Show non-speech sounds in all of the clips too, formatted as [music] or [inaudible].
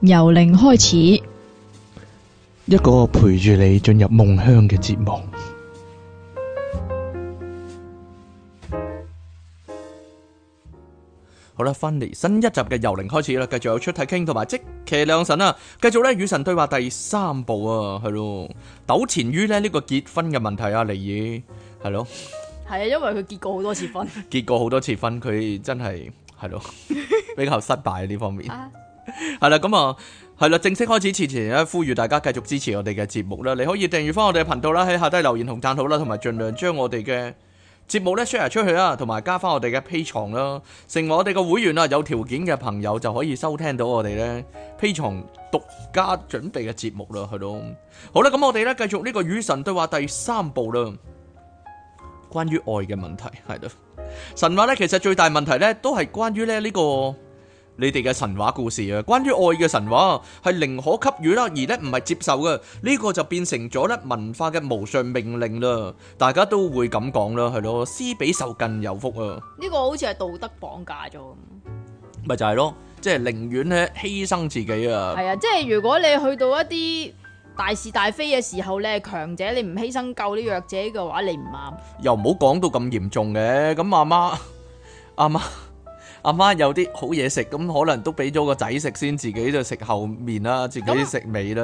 由零開始，一個陪住你進入夢鄉嘅節目。好啦，翻嚟新一集嘅由零開始啦，繼續有出體傾同埋即奇兩神啊，繼續咧與神對話第三部啊，係咯，糾纏於咧呢、這個結婚嘅問題啊，尼爾係咯，係啊，因為佢結過好多次婚，結過好多次婚，佢真係係咯比較失敗呢方面。 [laughs] 啊係啦，咁啊，係啦，正式開始之前，前咧呼籲大家繼續支持我哋嘅節目啦。你可以訂閱翻我哋嘅頻道啦，喺下低留言同讚好啦，同埋盡量將我哋嘅節目咧 share 出去啦，同埋加翻我哋嘅 patreon 啦，成為我哋嘅會員啊，有條件嘅朋友就可以收聽到我哋咧 patreon 獨家準備嘅節目啦，係咯。好啦，咁我哋咧繼續呢個與神對話第三部啦，關於愛嘅問題係咯。神話咧，其實最大問題咧都係關於咧呢，這個。你哋嘅神話故事啊，關於愛嘅神話係寧可給予啦，而咧唔係接受嘅，呢個就變成咗咧文化嘅無上命令啦。大家都會咁講啦，係咯，施比受更有福啊。呢個好似係道德綁架咗咁。咪就係咯，即係寧願咧犧牲自己啊。係啊，即係如果你去到一啲大是大非嘅時候，你係強者，你唔犧牲救啲弱者嘅話，你唔啱。又唔好講到咁嚴重嘅，咁阿媽，阿媽。阿媽有啲好嘢食，咁可能都俾咗個仔食先，自己就食後面啦，自己食尾啦。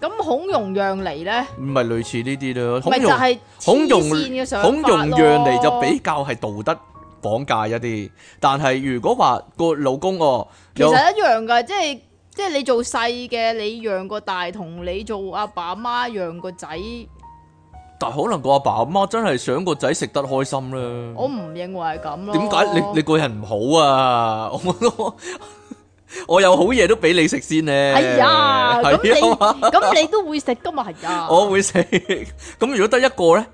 咁、嗯嗯、孔融讓梨呢？唔係類似呢啲咯，唔就係孔融容。孔融容容讓梨就比較係道德綁架一啲，但係如果話個老公喎，其實一樣噶，即係是即係你做細嘅，你讓個大同你做阿爸阿媽讓個仔。但係可能個阿爸阿媽真係想個仔食得開心啦。我唔認為係咁咯。點解？你你個人唔好啊？我我我有好嘢都俾你食先咧。係啊，咁你咁你都會食噶嘛？係啊。我會食。咁如果得一個咧，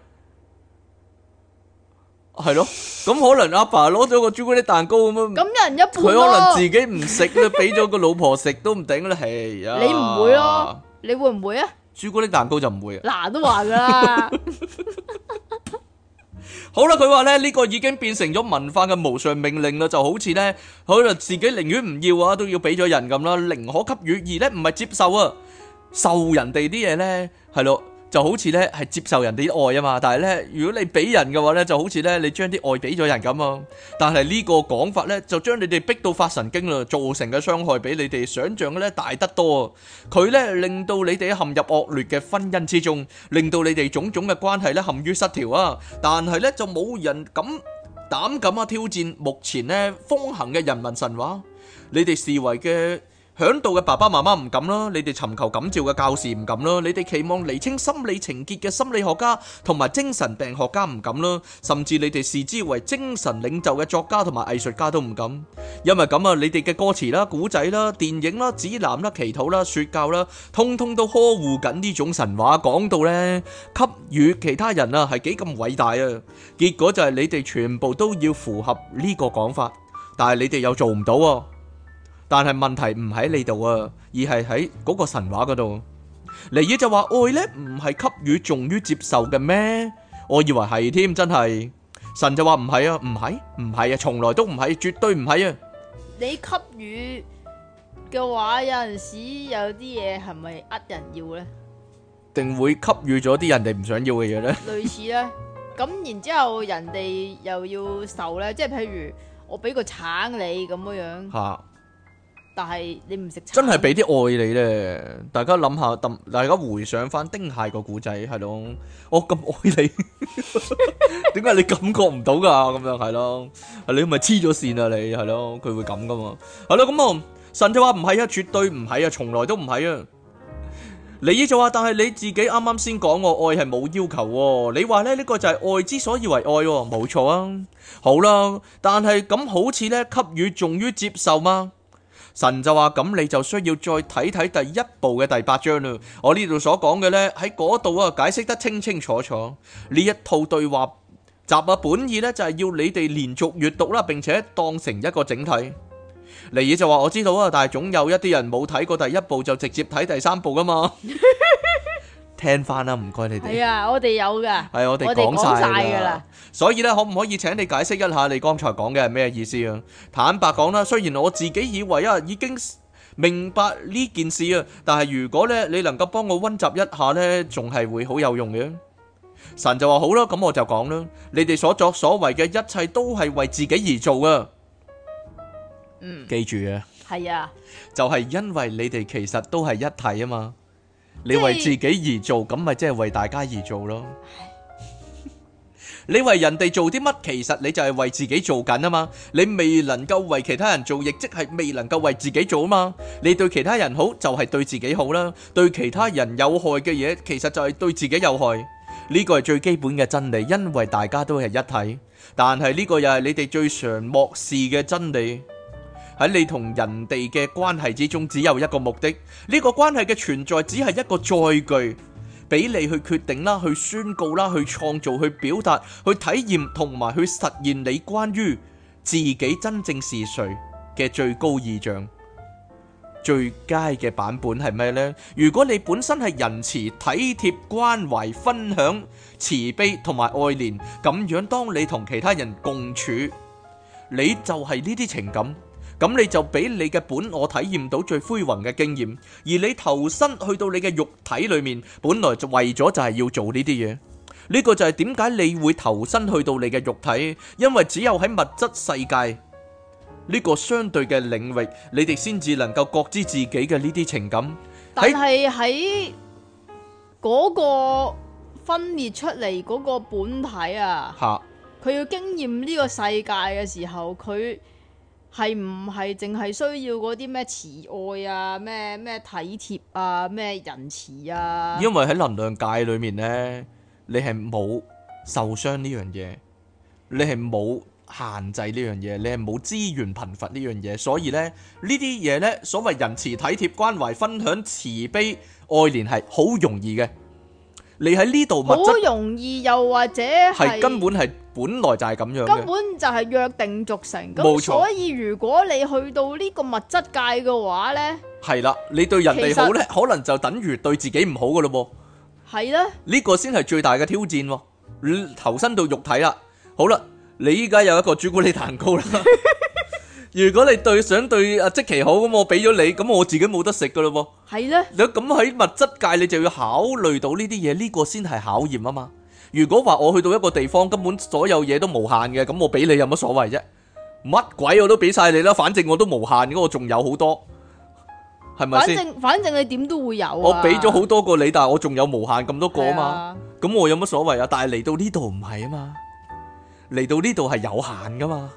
係咯。咁可能阿爸攞咗個朱古力蛋糕咁樣，咁一人一半咯。佢可能自己唔食啦，俾咗個老婆食都唔頂啦。係啊。你唔會咯？你會唔會啊？朱古力蛋糕就唔會啊，嗱都話噶啦。好啦，佢話咧呢個已經變成咗文化嘅無上命令啦，就好似咧，佢啦，自己寧願唔要啊，都要俾咗人咁啦，寧可給予而咧唔係接受啊，受人哋啲嘢咧，係咯。就好似呢，係接受人哋啲愛呀嘛，但係呢，如果你俾人嘅話呢，就好似呢，你將啲愛俾咗人咁呀。但係呢個講法呢，就將你哋逼到發神經，造成嘅傷害比你哋想象嘅呢，大得多。佢呢，令到你哋陷入惡劣嘅婚姻之中，令到你哋種種嘅關係呢陷於失調呀。但係呢，就冇人敢膽敢挑戰目前呢，風行嘅人民神話。你哋視為嘅響度嘅爸爸媽媽唔敢啦，你哋尋求感召嘅教士唔敢啦，你哋期望厘清心理情結嘅心理學家同埋精神病學家唔敢啦，甚至你哋視之為精神領袖嘅作家同埋藝術家都唔敢。因為咁啊，你哋嘅歌詞啦、古仔啦、電影啦、指南啦、祈禱啦、說教啦，通通都呵護緊呢種神話，講到呢，給予其他人啊係幾咁偉大啊。結果就係你哋全部都要符合呢個講法，但係你哋又做唔到啊。但係問題唔喺你度啊，而係喺嗰個神話嗰度。尼爾就話，愛咧唔係給予重於接受嘅咩？我以為係添，真係。神就話唔係啊，唔係唔係啊，從來都唔係，絕對唔係啊。你給予嘅話，有陣時有啲嘢係咪呃人要咧？定會給予咗啲人哋唔想要嘅嘢咧？類似咧，咁然之後人哋又要受咧，即係譬如我俾個橙你咁樣樣。但係你唔食真係俾啲愛你咧，大家諗下，大家回想翻丁蟹個古仔係咯，我咁、哦哦、愛你，點 [laughs] 解你感覺唔到噶？咁樣係咯，你咪黐咗線啊！你係咯，佢會咁噶嘛？係咯，咁、嗯、啊神就話唔係啊，絕對唔係啊，從來都唔係啊。你呢就話，但係你自己啱啱先講，我、哦、愛係冇要求、啊，你話咧呢、這個就係愛之所以為愛、啊，冇錯啊。好啦，但係咁、嗯、好似咧給予重於接受嘛？神就話咁，你就需要再睇睇第一部嘅第八章啦。我呢度所講嘅呢，喺嗰度啊解釋得清清楚楚。呢一套對話集啊本意呢，就係要你哋連續閱讀啦，並且當成一個整體。尼爾就話我知道啊，但係總有一啲人冇睇過第一部就直接睇第三部噶嘛。聽翻啦，唔該你哋。係啊，我哋有噶。係我哋講晒噶啦。所以咧，可唔可以請你解釋一下你剛才講嘅係咩意思啊？坦白講啦，雖然我自己以為啊，已經明白呢件事啊，但係如果咧，你能夠幫我温習一下咧，仲係會好有用嘅。神就話好啦，咁我就講啦。你哋所作所為嘅一切都係為自己而做嘅。嗯，記住啊。係啊。就係因為你哋其實都係一體啊嘛。你為自己而做，咁咪即係為大家而做咯。 [laughs] 你為人哋做啲乜，其實你就係為自己做緊啊嘛。你未能夠為其他人做，亦即係未能夠為自己做啊嘛。你對其他人好，就係、是、對自己好啦。對其他人有害嘅嘢，其實就係對自己有害。呢、這個係最基本嘅真理，因為大家都係一體。但係呢個又係你哋最常漠視嘅真理。喺你同人哋嘅關係之中，只有一個目的。呢個關係嘅存在，只係一個載具，俾你去決定啦，去宣告啦，去創造、去表達、去體驗同埋去實現你關於自己真正是誰嘅最高意象。最佳嘅版本係咩呢？如果你本身係仁慈、體貼、關懷、分享、慈悲同埋愛憐咁樣，當你同其他人共處，你就係呢啲情感。咁你就俾你嘅本我體驗到最輝煌嘅經驗，而你投身去到你嘅肉體裏面，本來就為咗就係要做呢啲嘢。呢個就係點解你會投身去到你嘅肉體，因為只有喺物質世界呢個相對嘅領域，你哋先至能夠覺知自己嘅呢啲情感。但係喺嗰個分裂出嚟嗰個本體啊吓，佢要經驗呢個世界嘅時候，佢。係唔係淨係需要嗰啲咩慈愛啊、咩咩體貼啊、咩仁慈啊？因為喺能量界裏面呢，你係冇受傷呢樣嘢，你係冇限制呢樣嘢，你係冇資源貧乏呢樣嘢，所以呢，呢啲嘢呢，所謂仁慈、體貼、關懷、分享、慈悲、愛憐係好容易嘅。你喺呢度，好容易又或者係根本係。本來就係咁樣，根本就係約定俗成咁。錯所以如果你去到呢個物質界嘅話呢，係啦，你對人哋好呢，實可能就等於對自己唔好嘅咯噃。係咧的，呢個先係最大嘅挑戰喎。你投身到肉體啦，好啦，你依家有一個朱古力蛋糕啦。 [laughs] 如果你對想對積奇好咁，我俾咗你，咁我自己冇得食嘅咯噃。係咧的，咁喺物質界，你就要考慮到呢啲嘢，呢、呢個先係考驗啊嘛。如果話我去到一個地方，根本所有嘢都無限嘅，咁我俾你有乜所謂啫？乜鬼我都俾晒你啦，反正我都無限，咁我仲有好多，係咪先？反正反正，你點都會有。我俾咗好多個你，但係我仲有無限咁多個啊嘛，咁我有乜所謂啊？但係嚟到呢度唔係啊嘛，嚟到呢度係有限噶嘛。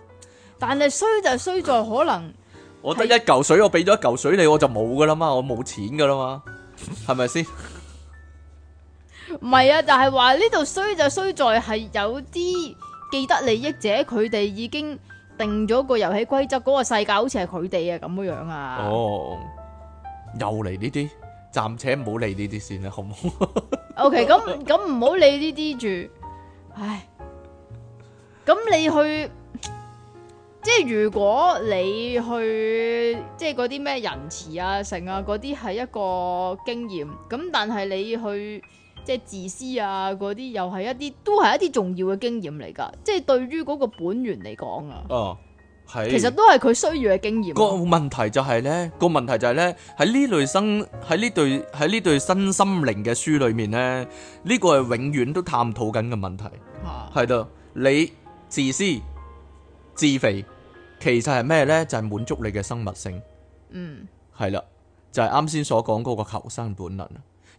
但係衰就衰在可能，我得一嚿水，我俾咗一嚿水你，我就冇噶啦嘛，我冇錢噶啦嘛，係咪先？唔係啊，壞就係話呢度衰就衰在係有啲既得利益者，佢哋已經定咗個遊戲規則，嗰、那個世界好似係佢哋啊咁嘅樣啊。樣啊哦，又嚟呢啲，暫且唔好理呢啲先啦，好唔好？OK，咁咁唔好理呢啲住。唉，咁你去即係如果你去即係嗰啲咩仁慈啊、成啊嗰啲係一個經驗咁，但係你去。即係自私啊，嗰啲又係一啲，都係一啲重要嘅經驗嚟噶。即係對於嗰個本源嚟講啊，哦，係，其實都係佢需要嘅經驗。個問題就係咧，個問題就係咧，喺呢類生，喺呢對，喺呢對新心靈嘅書裏面咧，呢個係永遠都探討緊嘅問題。係咯哇，你自私自肥，其實係咩咧？就係、是、滿足你嘅生物性。嗯，係啦，就係啱先所講嗰個求生本能。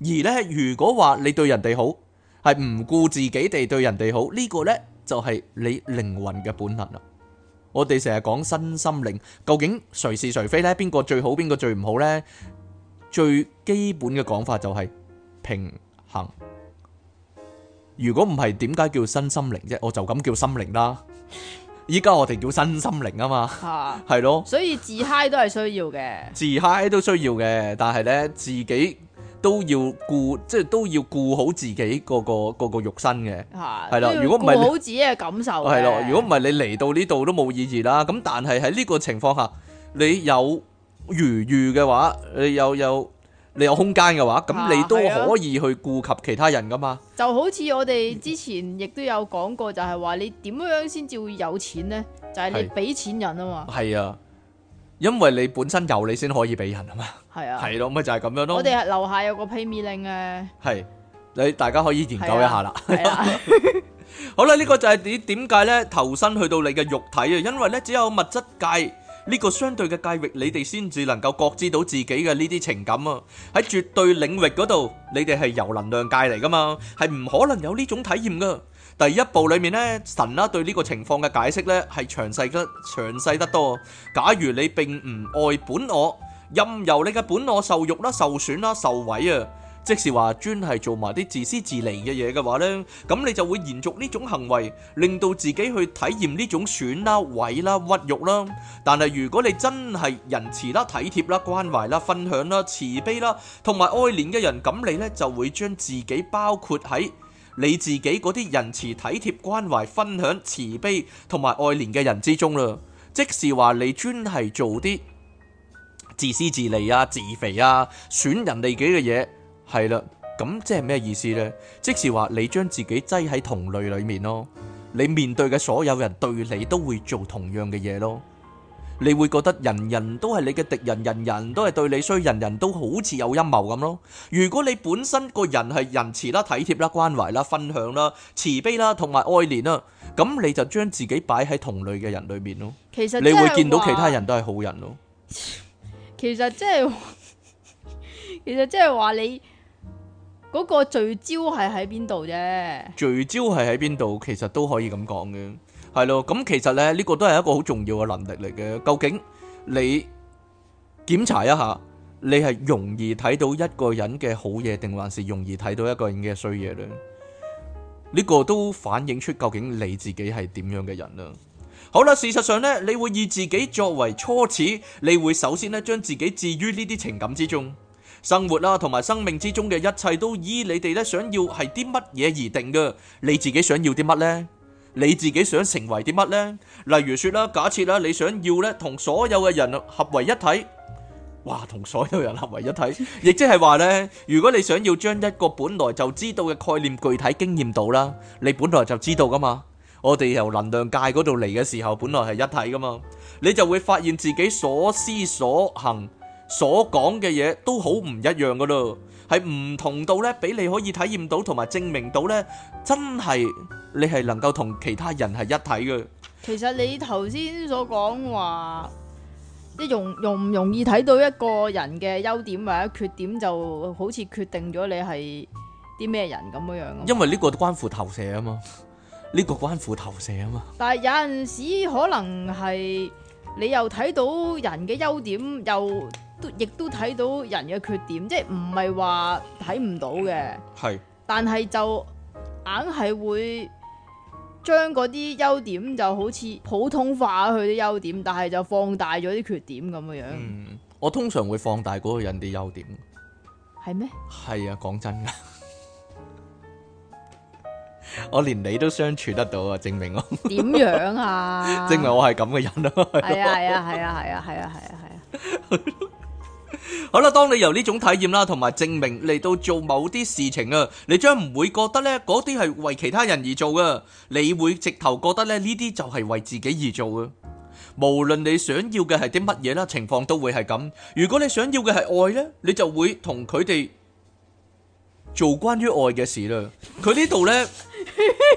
而咧，如果話你對人哋好，係唔顧自己地對人哋好，呢個咧就係你靈魂嘅本能啦。我哋成日講身心靈，究竟誰是誰非咧？邊個最好，邊個最唔好咧？最基本嘅講法就係平衡。如果唔係，點解叫身心靈啫？我就咁叫心靈啦。依家我哋叫身心靈啊嘛，係咯。所以自嗨都係需要嘅，自嗨都需要嘅，但係咧自己都要顧，即係都要顧好自己、嗰個個、嗰個肉身嘅，係啦、啊。如果唔係，顧好自己嘅感受。係啦，如果唔係你嚟到呢度都冇意義啦。咁但係喺呢個情況下，你有餘裕嘅話，你有有你有空間嘅話，咁、啊、你都可以去顧及其他人噶嘛。就好似我哋之前亦都有講過，就係話你點樣先至會有錢呢？就係、是、你俾錢人啊嘛。係啊。因為你本身有，你先可以俾人吖嘛？係啊，係咯、 [laughs] 啊，咪就係咁樣咯、啊。我哋樓下有個 paymailing 係，你大家可以研究一下啦。啊啊、 [laughs] [laughs] 好啦，呢、這個就係點點解呢？投身去到你嘅肉體啊，因為呢，只有物質界呢、這個相對嘅界域，你哋先至能夠覺知到自己嘅呢啲情感啊。喺絕對領域嗰度，你哋係由能量界嚟噶嘛，係唔可能有呢種體驗㗎。第一步裏面咧，神啦對呢個情況嘅解釋咧係詳細得詳細得多。假如你並唔愛本我，任由你嘅本我受辱啦、受損啦、受毀啊，即是話專係做埋啲自私自利嘅嘢嘅話呢，咁你就會延續呢種行為，令到自己去體驗呢種損啦、毀啦、屈辱啦。但係如果你真係仁慈啦、體貼啦、關懷啦、分享啦、慈悲啦，同埋愛憐嘅人，咁你呢就會將自己包括喺你自己嗰啲仁慈、體貼、關懷、分享、慈悲同埋愛憐嘅人之中啦，即是話你專係做啲自私自利啊、自肥啊、損人利己嘅嘢，係啦，咁即係咩意思呢？即是話你將自己擠喺同類裏面咯，你面對嘅所有人對你都會做同樣嘅嘢咯。你會覺得人人都係你嘅敵人，人人都係對你衰，人人都好似有陰謀咁咯。如果你本身個人係仁慈啦、體貼啦、關懷啦、分享啦、慈悲啦同埋愛憐啦，咁你就將自己擺喺同類嘅人裏面咯。其實你會見到其他人都係好人咯。其實即係，其實即係話你嗰個聚焦係喺邊度啫？聚焦係喺邊度？其實都可以咁講嘅。係咯，咁其實咧呢個都係一個好重要嘅能力嚟嘅。究竟你檢查一下，你係容易睇到一個人嘅好嘢，定還是容易睇到一個人嘅衰嘢咧？呢個都反映出究竟你自己係點樣嘅人啦。好啦，事實上咧，你會以自己作為初始，你會首先咧將自己置於呢啲情感之中，生活啦同埋生命之中嘅一切都以你哋咧想要係啲乜嘢而定嘅。你自己想要啲乜咧？你自己想成為啲乜呢？例如說啦，假設啦，你想要呢，同所有嘅人合為一體，哇，同所有人合為一體，亦即係話呢，如果你想要將一個本來就知道嘅概念具體經驗到啦，你本來就知道噶嘛。我哋由能量界嗰度嚟嘅時候，本來係一體噶嘛，你就會發現自己所思所行所講嘅嘢都好唔一樣噶咯，係唔同到呢，俾你可以體驗到同埋證明到呢，真係。你係能夠同其他人係一體嘅。其實你頭先所講話，即容容唔容易睇到一個人嘅優點或者缺點，就好似決定咗你係啲咩人咁樣樣。因為呢個關乎投射啊嘛，呢個關乎投射啊嘛。但係有陣時可能係你又睇到人嘅優點，又亦都睇到人嘅缺點，即係唔係話睇唔到嘅。係，但係就硬係會。將嗰啲優點就好似普通化佢啲優點，但係就放大咗啲缺點咁嘅樣。嗯，我通常會放大嗰個人啲優點，係咩嗎？係啊，講真噶， [laughs] 我連你都相處得到啊，證明我點 [laughs] 樣啊？證明我係咁嘅人咯。係啊係啊係啊係啊係啊係啊係啊！ [laughs] 好啦，當你由呢種體驗啦，同埋證明嚟到做某啲事情啊，你將唔會覺得咧嗰啲係為其他人而做噶，你會直頭覺得咧呢啲就係為自己而做噶。無論你想要嘅係啲乜嘢啦，情況都會係咁。如果你想要嘅係愛呢，你就會同佢哋做關於愛嘅事啦。佢呢度呢。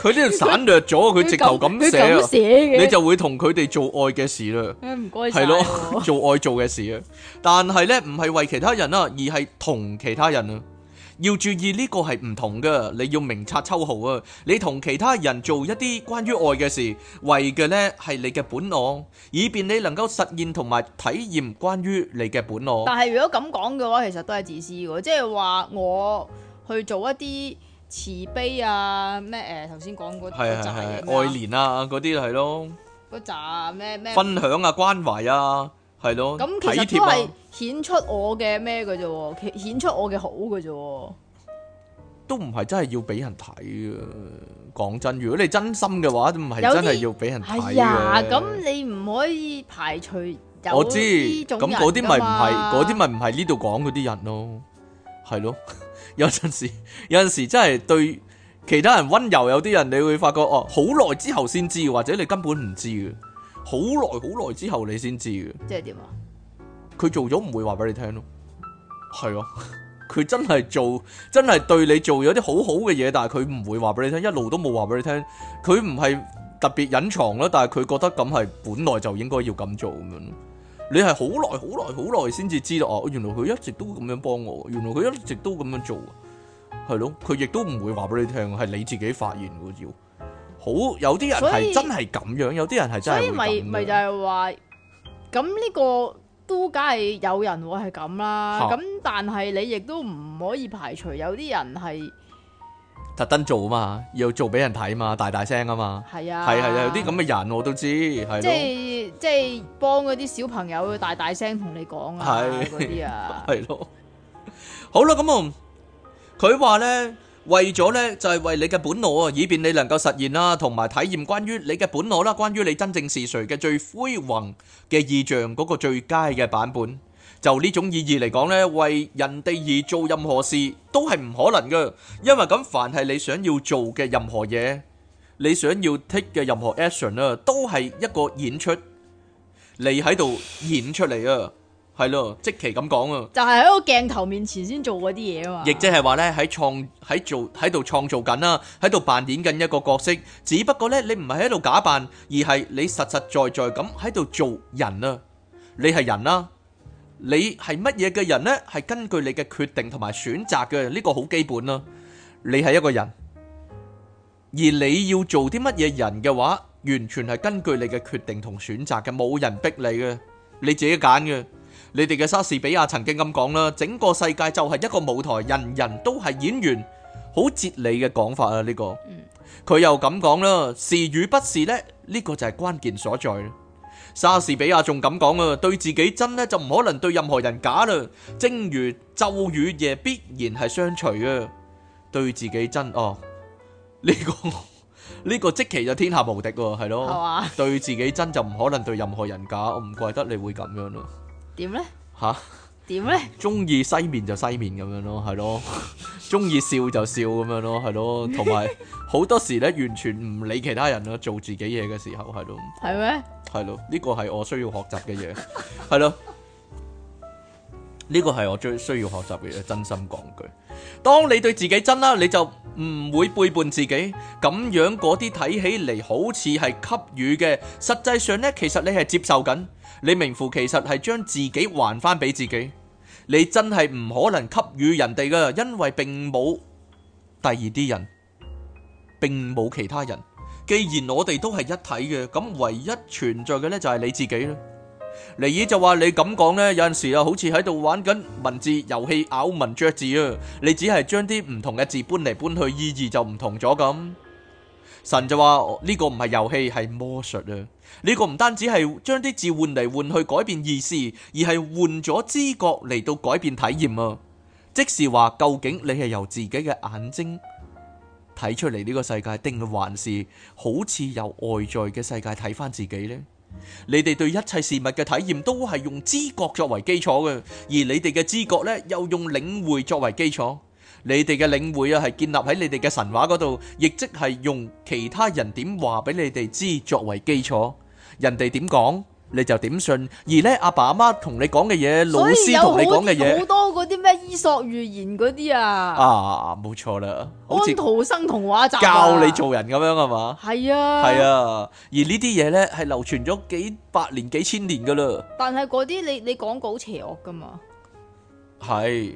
佢呢度省略咗，佢直頭咁寫，寫你就會同佢哋做愛嘅事啦。唔該，係咯，做愛做嘅事啊。但係呢，唔係為其他人啊，而係同其他人啊。要注意呢個係唔同噶，你要明察秋毫啊。你同其他人做一啲關於愛嘅事，為嘅呢係你嘅本我，以便你能夠實現同埋體驗關於你嘅本我。但係如果咁講嘅話，其實都係自私噶，即係話我去做一啲。慈悲啊，咩誒頭先講嗰啲愛念啊，嗰啲係咯，嗰紮咩咩分享啊，關懷啊，係咯，咁、啊、其實都係顯出我嘅咩嘅啫，顯出我嘅好嘅啫，都唔係真係要俾人睇嘅。講真，如果你真心嘅話，唔係真係要俾人睇嘅。咁、哎、你唔可以排除有呢種人啊嘛，我知，咁嗰啲咪唔係，嗰啲咪唔係呢度講嗰啲人咯，係咯。有陣時，有陣時真係對其他人溫柔，有啲人你會發覺哦，好耐之後先知，或者你根本唔知嘅，好耐好耐之後你先知嘅。即係點啊？佢做咗唔會話俾你聽咯，係啊，佢真係做，真係對你做咗啲好好嘅嘢，但係佢唔會話俾你聽，一路都冇話俾你聽，佢唔係特別隱藏啦，但係佢覺得咁係本來就應該要咁做咁樣。你係好耐好耐好耐先至知道哦、啊，原來佢一直都咁樣幫我，原來佢一直都咁樣做，係咯。佢亦都唔會話俾你聽，係你自己發現嘅要。好，有啲人係真係咁樣，以有啲人係真係咁。咪就係話，咁呢個都梗係有人會係咁啦。咁、啊、但係你亦都唔可以排除有啲人係。特登做啊嘛，要做俾人睇嘛，大大聲啊嘛，係啊，係係啊，有啲咁嘅人我都知，係咯，即係即係幫嗰啲小朋友大大聲同你講啊，嗰啲啊，係咯，好啦，咁啊，佢話咧，為咗咧就係為你嘅本我啊，以便你能夠實現啦，同埋體驗關於你嘅本我啦，關於你真正是誰嘅最輝煌嘅意象嗰個最佳嘅版本。就呢種意義嚟講呢，為人哋而做任何事都係唔可能噶，因為咁，凡係你想要做嘅任何嘢，你想要 take 嘅任何 action 啊，都係一個演出，你喺度演出嚟啊，係咯，即其咁講啊，就係喺個鏡頭面前先做嗰啲嘢啊嘛。亦即係話呢，喺創喺做喺度創造緊啦，喺度扮演緊一個角色，只不過呢，你唔係喺度假扮，而係你實實在在咁喺度做人啊，mm hmm. 人啊，你係人啦。你係乜嘢嘅人呢？係根據你嘅決定同埋選擇嘅，呢個好基本啦、啊。你係一個人，而你要做啲乜嘢人嘅話，完全係根據你嘅決定同選擇嘅，冇人逼你嘅，你自己揀嘅。你哋嘅莎士比亞曾經咁講啦，整個世界就係一個舞台，人人都係演員，好哲理嘅講法啊！呢個，佢又咁講啦，是與不是呢？呢個就係關鍵所在。莎士比亞仲咁講啊，對自己真呢，就唔可能對任何人假啦。正如晝與夜必然係相隨啊，對自己真哦，呢、這個呢 [laughs] 個即其就天下無敵喎、啊，係咯。係嗎，對自己真就唔可能對任何人假，我唔怪得你會咁樣咯、啊。點呢？吓？點咧？中意西面就西面咁樣咯，係咯。中意笑就笑咁樣咯，係咯。同埋好多時咧，完全唔理其他人咯，做自己嘢嘅時候係咯。係咩？係咯嗎，呢個係我需要學習嘅嘢。係咯，呢個係我最需要學習嘅嘢。真心講句，當你對自己真啦，你就唔會背叛自己。咁樣嗰啲睇起嚟好似係給予嘅，實際上咧，其實你係接受緊，你名副其實係將自己還翻俾自己。你真係唔可能給予人哋㗎，因為並冇第二啲人，並冇其他人。既然我哋都係一體嘅，咁唯一存在嘅，呢就係你自己啦。尼爾就話你咁講呢，有陣時啊，好似喺度玩緊文字遊戲，咬文嚼字啊，你只係將啲唔同嘅字搬嚟搬去，意義就唔同咗咁。神就話呢個唔係遊戲，係魔術啊！呢個唔單止係將啲字換嚟換去改變意思，而係換咗知覺嚟到改變體驗啊！即是話，究竟你係由自己嘅眼睛睇出嚟呢個世界，定還是好似由外在嘅世界睇翻自己呢？你哋對一切事物嘅體驗都係用知覺作為基礎嘅，而你哋嘅知覺呢，又用領會作為基礎。你哋嘅領會啊，係建立喺你哋嘅神話嗰度，亦即係用其他人點話俾你哋知作為基礎。人哋點講你就點信，而咧阿爸阿媽同你講嘅嘢，老師同你講嘅嘢，所以有好多好多嗰啲咩伊索寓言嗰啲啊，啊冇錯啦，好似安徒生童話集教你做人咁樣係嘛，係啊係啊，而呢啲嘢咧係流傳咗幾百年幾千年噶啦，但係嗰啲你你講好邪惡噶嘛，係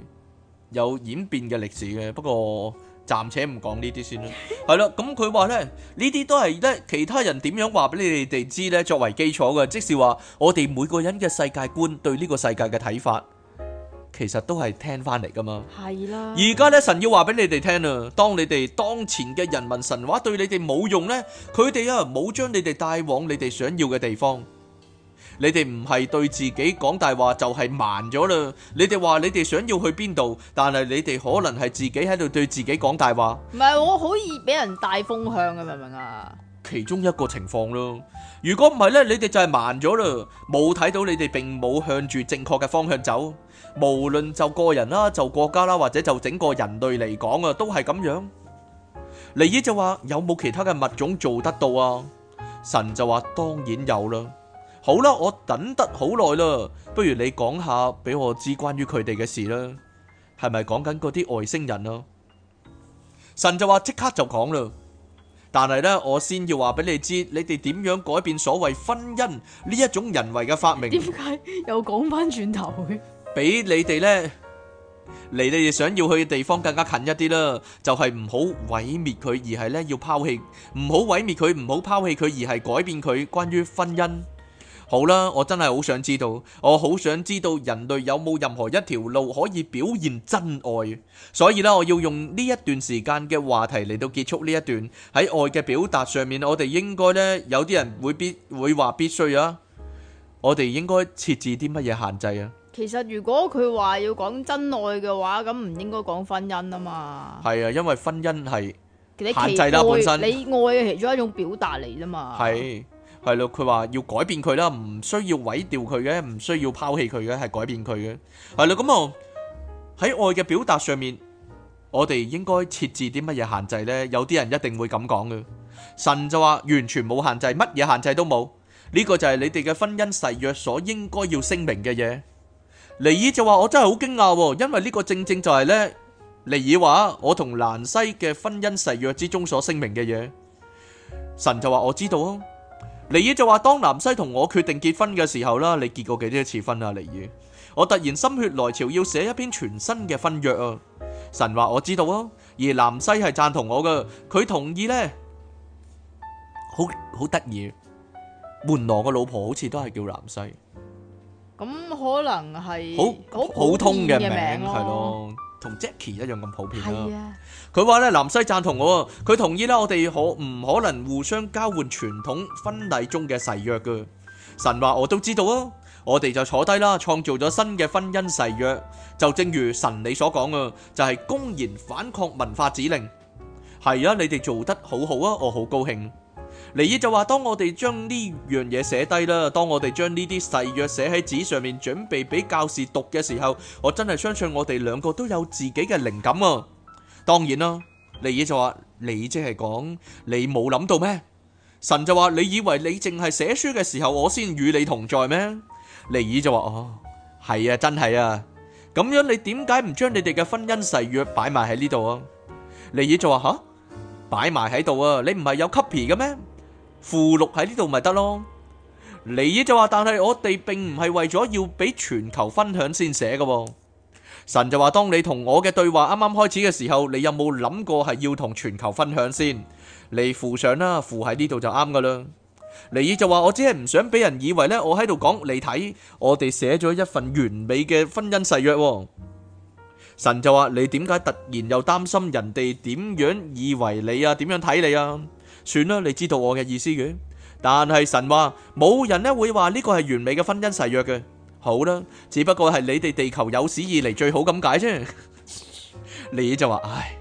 有演變嘅歷史嘅，不過。暫且唔講呢啲先啦，係啦，咁佢話咧呢啲都係咧其他人點樣話俾你哋知咧，作為基礎嘅，即是話我哋每個人嘅世界觀對呢個世界嘅睇法，其實都係聽翻嚟噶嘛。係啦，而家咧神要話俾你哋聽啊，當你哋當前嘅人民神話對你哋冇用咧，佢哋啊冇將你哋帶往你哋想要嘅地方。你哋唔係對自己講大話，就係盲咗啦。你哋話你哋想要去邊度，但係你哋可能係自己喺度對自己講大話。唔係我好易俾人帶風向嘅，明唔明啊？其中一個情況咯。如果唔係呢，你哋就係盲咗啦，冇睇到你哋並冇向住正確嘅方向走。無論就個人啦，就國家啦，或者就整個人類嚟講啊，都係咁樣。尼爾就話有冇其他嘅物種做得到啊？神就話當然有啦。好啦，我等得好耐啦，不如你講下俾我知關於佢哋嘅事啦，係咪講緊嗰啲外星人囉？神就話即刻就講啦，但係呢，我先要話俾你知，你哋點樣改變所謂婚姻呢一種人為嘅發明？點解又講翻轉頭嘅？俾你哋呢離你哋想要去嘅地方更加近一啲啦，就係唔好毀滅佢，而係呢要拋棄，唔好毀滅佢，唔好拋棄佢，而係改變佢關於婚姻。好啦，我真係好想知道，我好想知道人類有冇任何一條路可以表現真愛。所以呢，我要用呢一段時間嘅話題嚟到結束呢一段喺愛嘅表達上面，我哋應該呢有啲人會必會話必須啊，我哋應該設置啲乜嘢限制啊？其實如果佢話要講真愛嘅話，咁唔應該講婚姻啊嘛。係啊，因為婚姻係限制啦，本身你愛嘅其中一種表達嚟啦嘛。係。係咯，佢話要改變佢啦，唔需要毀掉佢嘅，唔需要拋棄佢嘅，係改變佢嘅係咯。咁啊喺愛嘅表達上面，我哋應該設置啲乜嘢限制呢？有啲人一定會咁講嘅。神就話完全冇限制，乜嘢限制都冇，呢個就係你哋嘅婚姻誓約所應該要聲明嘅嘢。尼爾就話，我真係好驚訝，因為呢個正正就係呢，尼爾話我同蘭西嘅婚姻誓約之中所聲明嘅嘢。神就話我知道啊。尼爾就話：當南西同我決定結婚嘅時候啦，你結過幾多次婚啊？尼爾，我突然心血來潮要寫一篇全新嘅婚約啊！神話我知道啊，而南西係讚同我噶，佢同意呢！好好得意。門羅個老婆好似都係叫南西，咁可能係好好普通嘅名係、啊、咯。同 Jackie 一樣咁普遍啦。佢話咧，南西贊同我，佢同意啦。我哋可唔可能互相交換傳統婚禮中嘅誓約嘅？神話我都知道啊，我哋就坐低啦，創造咗新嘅婚姻誓約，就正如神你所講啊，就係公然反抗文化指令。係啊，你哋做得好好啊，我好高興。尼爾就話：當我哋將呢樣嘢寫低啦，當我哋將呢啲誓約寫喺紙上面，準備俾教士讀嘅時候，我真係相信我哋兩個都有自己嘅靈感啊！當然啦，尼爾就話：你即係講你冇諗到咩？神就話：你以為你淨係寫書嘅時候，我先與你同在咩？尼爾就話：哦，係啊，真係啊！咁樣你點解唔將你哋嘅婚姻誓約擺埋喺呢度啊？尼爾就話：吓、啊，擺埋喺度啊！你唔係有 copy 嘅咩？附錄喺呢度咪得咯。尼爾就話，但係我哋並唔係為咗要俾全球分享先寫嘅。神就話，當你同我嘅對話啱啱開始嘅時候，你有冇諗過係要同全球分享先？你附上啦，附喺呢度就啱噶啦。尼爾就話，我只係唔想俾人以為呢，我喺度講你睇，我哋寫咗一份完美嘅婚姻誓約。神就話，你點解突然又擔心人哋點樣以為你啊，點樣睇你啊？算啦，你知道我嘅意思嘅。但係神話，冇人咧會話呢個係完美嘅婚姻誓約嘅。好啦，只不過係你哋地球有史以嚟最好咁解啫。你就話唉，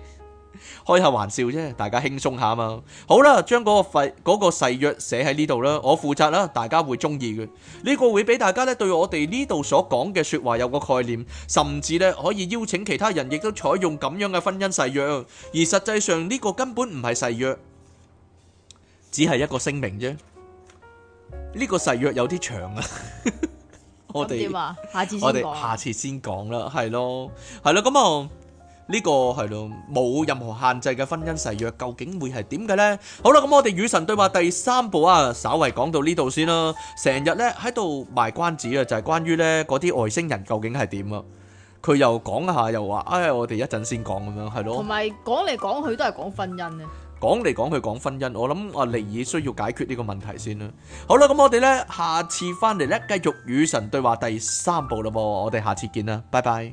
開下玩笑啫，大家輕鬆下嘛。好啦，將嗰個廢嗰個誓約寫喺呢度啦，我負責啦，大家會中意嘅。呢個會俾大家咧對我哋呢度所講嘅說話有個概念，甚至咧可以邀請其他人亦都採用咁樣嘅婚姻誓約，而實際上，呢個根本唔係誓約。只係一個聲明啫，呢個誓約有啲長啊！我哋點啊？下次我哋下次先講啦，係咯，係啦咁啊，呢個係咯，冇任何限制嘅婚姻誓約究竟會係點嘅咧？好啦，咁我哋與神對話第三部啊，稍為講到呢度先啦。成日咧喺度賣關子啊，就係關於咧嗰啲外星人究竟係點啊？佢又講下又話，哎呀，我哋一陣先講咁樣，係咯？同埋講嚟講去都係講婚姻啊！講嚟講去講婚姻，我諗我尼爾需要解決呢個問題先啦。好啦，咁我哋咧下次翻嚟咧，繼續與神對話第三部啦。我哋下次見啦，拜拜。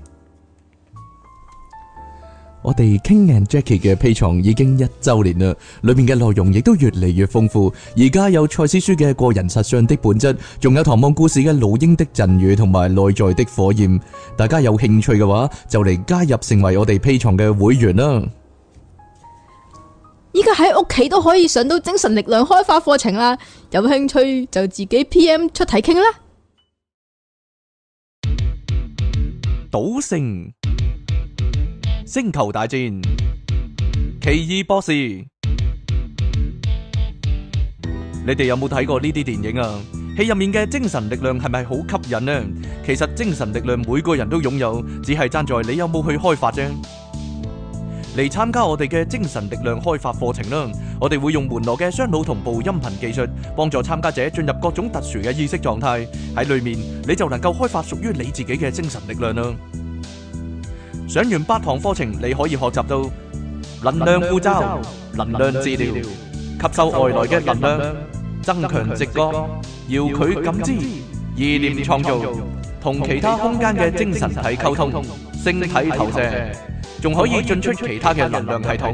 我哋 King and Jackie 嘅 Patreon 已經一周年啦，裏面嘅內容亦都越嚟越豐富。而家有賽斯書嘅個人實相的本質，仲有唐望故事嘅老鷹的贈予同埋內在的火焰。大家有興趣嘅話，就嚟加入成為我哋 Patreon 嘅會員啦。依家喺屋企都可以上到精神力量開發課程啦，有興趣就自己 PM 出題傾啦。賭聖、星球大戰、奇異博士，你哋有冇睇過呢啲電影啊？戲入面嘅精神力量係咪好吸引呢？其實精神力量每個人都擁有，只係爭在你有冇去開發啫。嚟參加我哋嘅精神力量開發課程啦！我哋會用門羅嘅雙腦同步音頻技術，幫助參加者進入各種特殊嘅意識狀態。喺裏面你就能夠開發屬於你自己嘅精神力量啦！上完八堂課程，你可以學習到能量護罩、能量治療、吸收外來嘅能量、增強直覺、遙距感知、意念創造、同其他空間嘅精神體溝通、星體投射。仲可以進出其他嘅能量系統。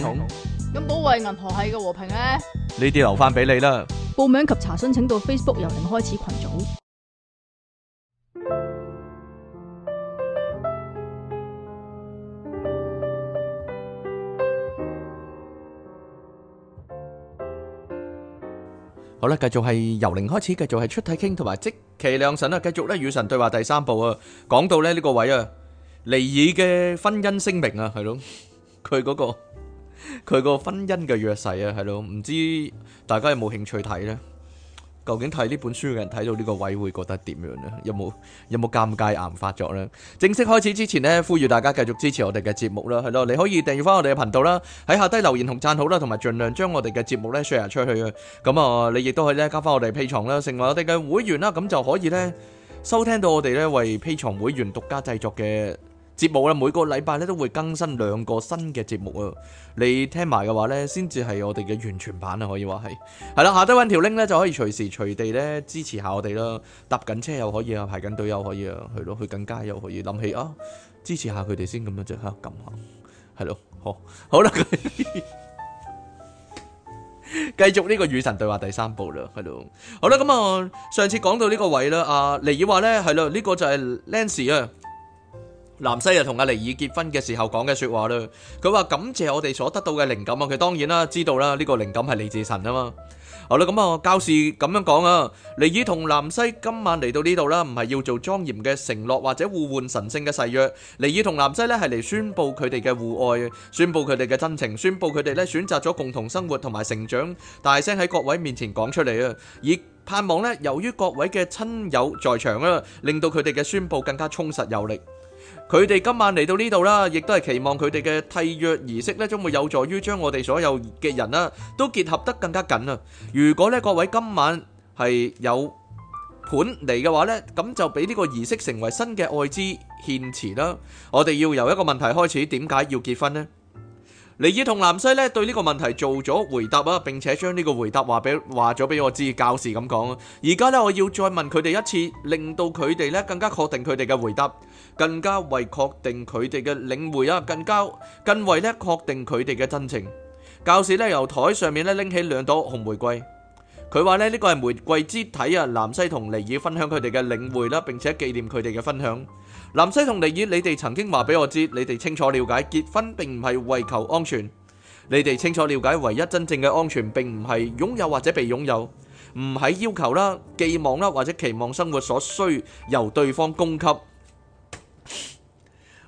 咁保衛銀河系嘅和平咧？呢啲留翻俾你啦。報名及查詢請到 Facebook 由零開始群組。好啦，繼續係由零開始，繼續係出體傾同埋即其亮神啦。繼續咧與神對話第三步啊，講到咧呢個位啊。尼爾嘅婚姻聲明啊，係咯，佢嗰個佢個婚姻嘅約誓啊，係咯，唔知大家有冇興趣睇咧？究竟睇呢本書嘅人睇到呢個位會覺得點樣咧？有冇有冇尷尬癌發作咧？正式開始之前咧，呼籲大家繼續支持我哋嘅節目啦，係咯，你可以訂閱翻我哋嘅頻道啦，喺下低留言同讚好啦，同埋盡量將我哋嘅節目咧 share 出去啊。咁啊，你亦都可以咧加翻我哋披牀啦，成為我哋嘅會員啦，咁就可以咧收聽到我哋咧為披牀會員獨家製作嘅節目咧，每個禮拜咧都會更新兩個新嘅節目啊！你聽埋嘅話咧，先至係我哋嘅完全版啊，可以話係。係啦，下低搵條 link 咧就可以隨時隨地咧支持下我哋啦，搭緊車又可以啊，排緊隊又可以啊，係咯，去緊街又可以諗起啊，支持下佢哋先咁樣啫吓，咁啊，係咯、哦，好，好啦，繼續呢個與神對話第三部啦，係咯，好啦，咁啊，上次講到呢個位啦，啊，尼爾話咧係啦，呢、這個就係 Lance 啊。南西又同阿尼爾結婚嘅時候講嘅說話啦。佢話感謝我哋所得到嘅靈感啊。佢當然啦，知道啦，呢個靈感係嚟自神啊嘛。好啦，咁啊，教士咁樣講啊。尼爾同南西今晚嚟到呢度啦，唔係要做莊嚴嘅承諾或者互換神聖嘅誓約。尼爾同南西咧係嚟宣布佢哋嘅互愛，宣布佢哋嘅真情，宣布佢哋咧選擇咗共同生活同埋成長，大聲喺各位面前講出嚟啊！而盼望咧，由於各位嘅親友在場啊，令到佢哋嘅宣布更加充實有力。佢哋今晚嚟到呢度啦，亦都係期望佢哋嘅契約儀式咧，將會有助於將我哋所有嘅人啦，都結合得更加緊啊！如果咧各位今晚係有盤嚟嘅話咧，咁就俾呢個儀式成為新嘅愛之獻詞啦！我哋要由一個問題開始，點解要結婚咧？尼爾同南西咧，對呢個問題做咗回答啊，並且將呢個回答話俾話咗俾我知，教士咁講。而家咧，我要再問佢哋一次，令到佢哋咧更加確定佢哋嘅回答，更加為確定佢哋嘅領會啊，更加更為咧確定佢哋嘅真情。教士咧由台上面咧拎起兩朵紅玫瑰，佢話咧，呢個係玫瑰之體啊。南西同尼爾分享佢哋嘅領會啦，並且紀念佢哋嘅分享。南西同尼爾，你哋曾經話俾我知，你哋清楚了解結婚並唔係為求安全，你哋清楚了解唯一真正嘅安全並唔係擁有或者被擁有，唔係要求啦、寄望啦、或者期望生活所需由對方供給，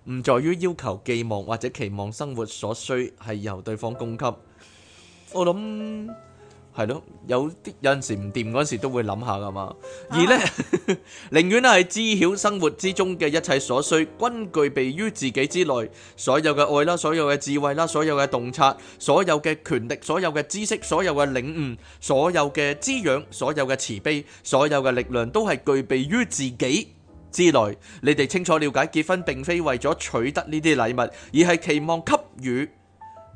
唔在於要求、寄望或者期望生活所需係由對方供給，我諗。係咯，有啲有陣時唔掂嗰陣時都會諗下噶嘛。而呢，寧願咧係知曉生活之中嘅一切所需，均具備於自己之內。所有嘅愛啦，所有嘅智慧啦，所有嘅洞察，所有嘅權力，所有嘅知識，所有嘅領悟，所有嘅滋養，所有嘅慈悲，所有嘅力量，都係具備於自己之內。你哋清楚了解，結婚並非為咗取得呢啲禮物，而係期望給予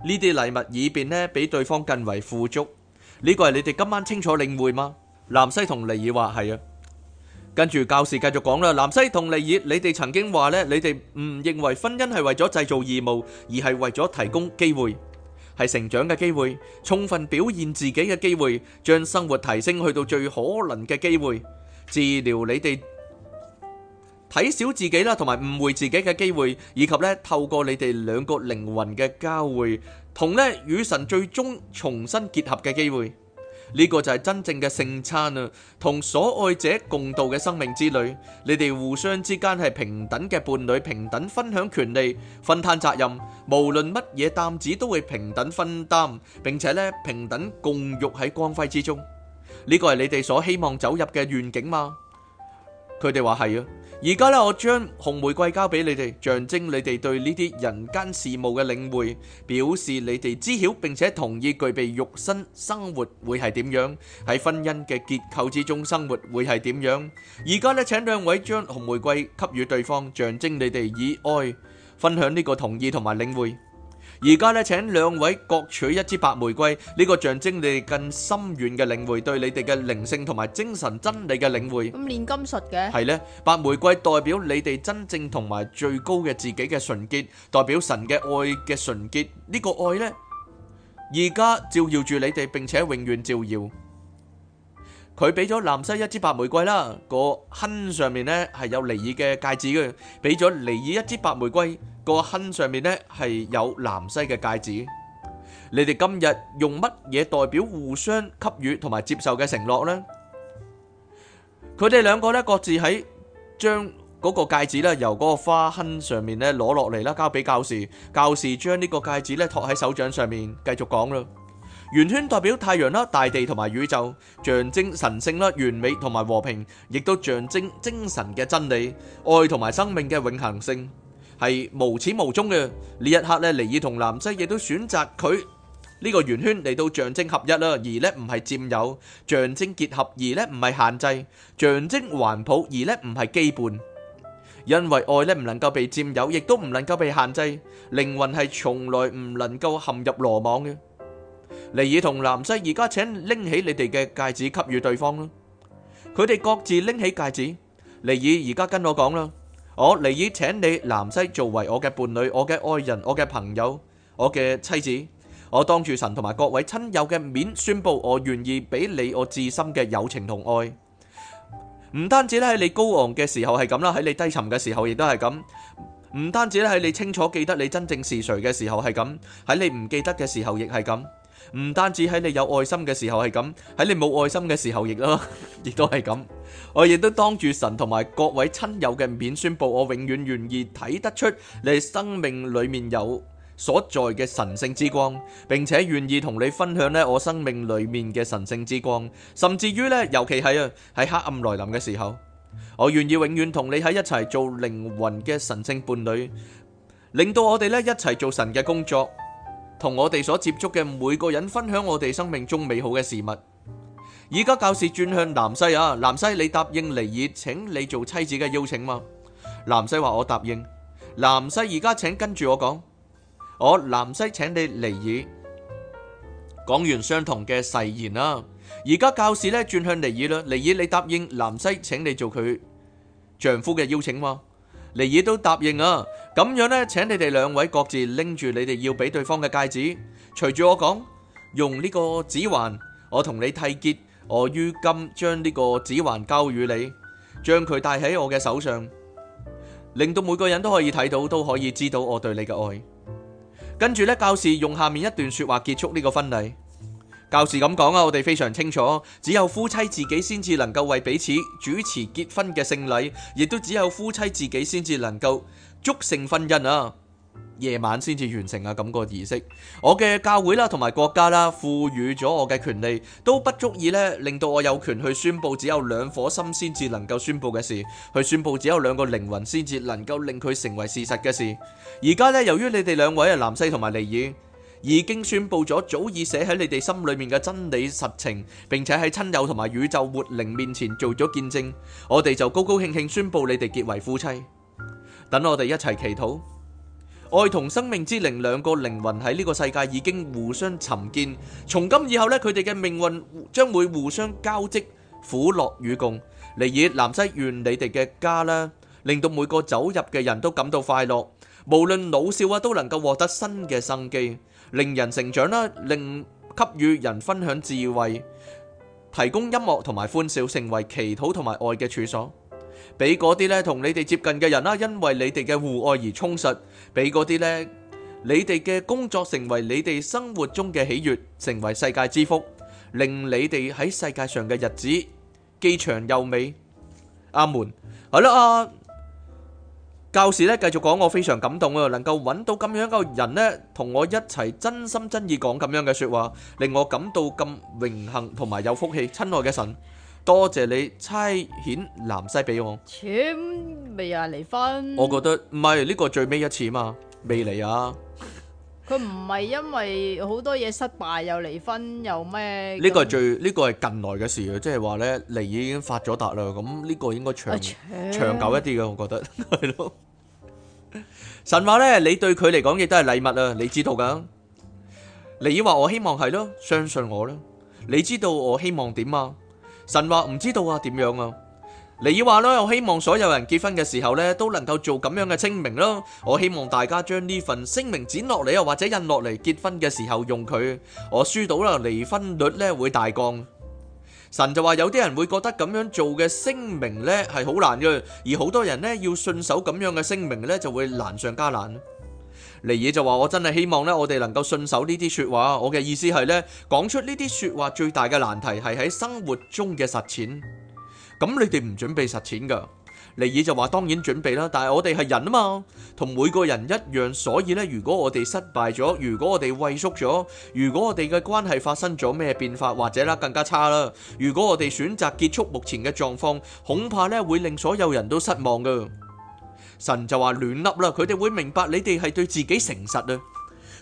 呢啲禮物，以便呢，俾對方更為富足。呢個係你哋今晚清楚領會嗎？南西同尼爾話係啊，跟住教士繼續講啦。南西同尼爾，你哋曾經話咧，你哋唔認為婚姻係為咗製造義務，而係為咗提供機會，係成長嘅機會，充分表現自己嘅機會，將生活提升去到最可能嘅機會，治療你哋睇小自己啦，同埋誤會自己嘅機會，以及咧透過你哋兩個靈魂嘅交匯。同咧與神最終重新結合嘅機會，呢個就係真正嘅聖餐啊！同所愛者共度嘅生命之旅，你哋互相之間係平等嘅伴侶，平等分享權利，分擔責任，無論乜嘢擔子都會平等分擔，並且咧平等共浴喺光輝之中。呢個係你哋所希望走入嘅願景嘛？佢哋話係啊。而家咧，我將紅玫瑰交俾你哋，象徵你哋對呢啲人間事務嘅領會，表示你哋知曉並且同意具備肉身生活會係點樣，喺婚姻嘅結構之中生活會係點樣。而家咧，請兩位將紅玫瑰給予對方，象徵你哋以愛分享呢個同意同埋領會。而家呢，請兩位各取一支白玫瑰，呢個象徵你哋更深遠嘅領會，對你哋嘅靈性同埋精神真理嘅領會。咁煉金術嘅係呢，白玫瑰代表你哋真正同埋最高嘅自己嘅純潔，代表神嘅愛嘅純潔。呢個愛呢，而家照耀住你哋，並且永遠照耀。佢俾咗南西一支白玫瑰啦，個坑上面咧係有尼爾嘅戒指嘅；俾咗尼爾一支白玫瑰，個坑上面咧係有南西嘅戒指。你哋今日用乜嘢代表互相給予同埋接受嘅承諾咧？佢哋兩個咧各自喺將嗰個戒指啦，由嗰個花坑上面咧攞落嚟啦，交俾教士。教士將呢個戒指咧托喺手掌上面，繼續講啦。圓圈代表太陽啦、大地同埋宇宙，象徵神聖啦、完美同埋和平，亦都象徵精神嘅真理、愛同埋生命嘅永恒性，係無始無終嘅。呢一刻咧，尼爾同南西亦都選擇佢呢個圓圈嚟到象徵合一啦，而咧唔係佔有，象徵結合而咧唔係限制，象徵環抱而咧唔係羈絆，因為愛咧唔能夠被佔有，亦都唔能夠被限制，靈魂係從來唔能夠陷入羅網嘅。尼爾同南西，而家請拎起你哋嘅戒指，給予對方啦。佢哋各自拎起戒指。尼爾而家跟我講啦，我尼爾，請你南西作為我嘅伴侶、我嘅愛人、我嘅朋友、我嘅妻子。我當住神同埋各位親友嘅面，宣布我願意俾你我至深嘅友情同愛。唔單止咧喺你高昂嘅時候係咁啦，喺你低沉嘅時候亦都係咁。唔單止咧喺你清楚記得你真正是誰嘅時候係咁，喺你唔記得嘅時候亦係咁。唔單止喺你有愛心嘅時候係咁，喺你冇愛心嘅時候亦啦，亦都係咁。我亦都當住神同埋各位親友嘅面，宣布我永遠願意睇得出你生命裏面有所在嘅神聖之光，並且願意同你分享咧我生命裏面嘅神聖之光。甚至於咧，尤其係啊，喺黑暗來臨嘅時候，我願意永遠同你喺一齊做靈魂嘅神聖伴侶，令到我哋咧一齊做神嘅工作，同我哋所接觸嘅每個人分享我哋生命中美好嘅事物。而家教士轉向南西啊，南西你答應尼爾請你做妻子嘅邀請嗎？南西話我答應。南西而家請跟住我講，我南西請你尼爾。講完相同嘅誓言啊，而家教士咧轉向尼爾啦，尼爾你答應南西請你做佢丈夫嘅邀請嗎？尼爾都答應啊，咁樣呢，請你哋兩位各自拎住你哋要俾對方嘅戒指，隨住我講，用呢個指環，我同你締結，我於今將呢個指環交予你，將佢戴喺我嘅手上，令到每個人都可以睇到，都可以知道我對你嘅愛。跟住呢，教士用下面一段說話結束呢個婚禮。教士咁講啊，我哋非常清楚，只有夫妻自己先至能夠為彼此主持結婚嘅聖禮，亦都只有夫妻自己先至能夠促成婚姻啊。夜晚先至完成啊，咁個儀式。我嘅教會啦，同埋國家啦，賦予咗我嘅權利，都不足以呢令到我有權去宣布只有兩顆心先至能夠宣布嘅事，去宣布只有兩個靈魂先至能夠令佢成為事實嘅事。而家呢，由於你哋兩位啊，南西同埋尼爾。已經宣布咗，早已寫喺你哋心裏面嘅真理實情，並且喺親友同埋宇宙活靈面前做咗見證。我哋就高高興興宣布你哋結為夫妻。等我哋一齊祈禱，愛同生命之靈兩個靈魂喺呢個世界已經互相尋見，從今以後咧，佢哋嘅命運將會互相交織，苦樂與共。尼爾、南西願你哋嘅家啦，令到每個走入嘅人都感到快樂，無論老少啊都能夠獲得新嘅生機。令人成長啦，令給予人分享智慧，提供音樂同埋歡笑，成為祈禱同埋愛嘅處所，俾嗰啲咧同你哋接近嘅人啦，因為你哋嘅互愛而充實，俾嗰啲咧你哋嘅工作成為你哋生活中嘅喜悅，成為世界之福，令你哋喺世界上嘅日子既長又美。阿門，好啦啊！教士咧，繼續講，我非常感動啊！能夠揾到咁樣嘅人咧，同我一齊真心真意講咁樣嘅説話，令我感到咁榮幸同埋有福氣。親愛嘅神，多謝你差遣南西俾我。簽未啊？離婚？我覺得唔係呢個最尾一次嘛，未嚟啊？佢唔係因為好多嘢失敗又離婚又咩？呢個係最呢個係近來嘅事啊！即係話咧，你已經發咗達啦，咁呢個應該長長久一啲嘅，我覺得係咯。神話咧，你對佢嚟講亦都係禮物啊！你知道噶？你話我希望係咯，相信我啦！你知道我希望點啊？神話唔知道啊？點樣啊？尼爾話咧，我希望所有人結婚嘅時候咧都能夠做咁樣嘅聲明咯。我希望大家將呢份聲明剪落嚟，又或者印落嚟，結婚嘅時候用佢。我輸到啦，離婚率咧會大降。神就話有啲人會覺得咁樣做嘅聲明咧係好難嘅，而好多人咧要信守咁樣嘅聲明咧就會難上加難。尼爾就話，我真係希望咧我哋能夠信守呢啲說話。我嘅意思係咧，講出呢啲說話最大嘅難題係喺生活中嘅實踐。咁你哋唔準備實踐噶尼爾就話，當然準備啦。但係我哋係人啊嘛，同每個人一樣，所以咧，如果我哋失敗咗，如果我哋畏縮咗，如果我哋嘅關係發生咗咩變化或者啦更加差啦，如果我哋選擇結束目前嘅狀況，恐怕咧會令所有人都失望噶。神就話，亂笠啦，佢哋會明白你哋係對自己誠實啊，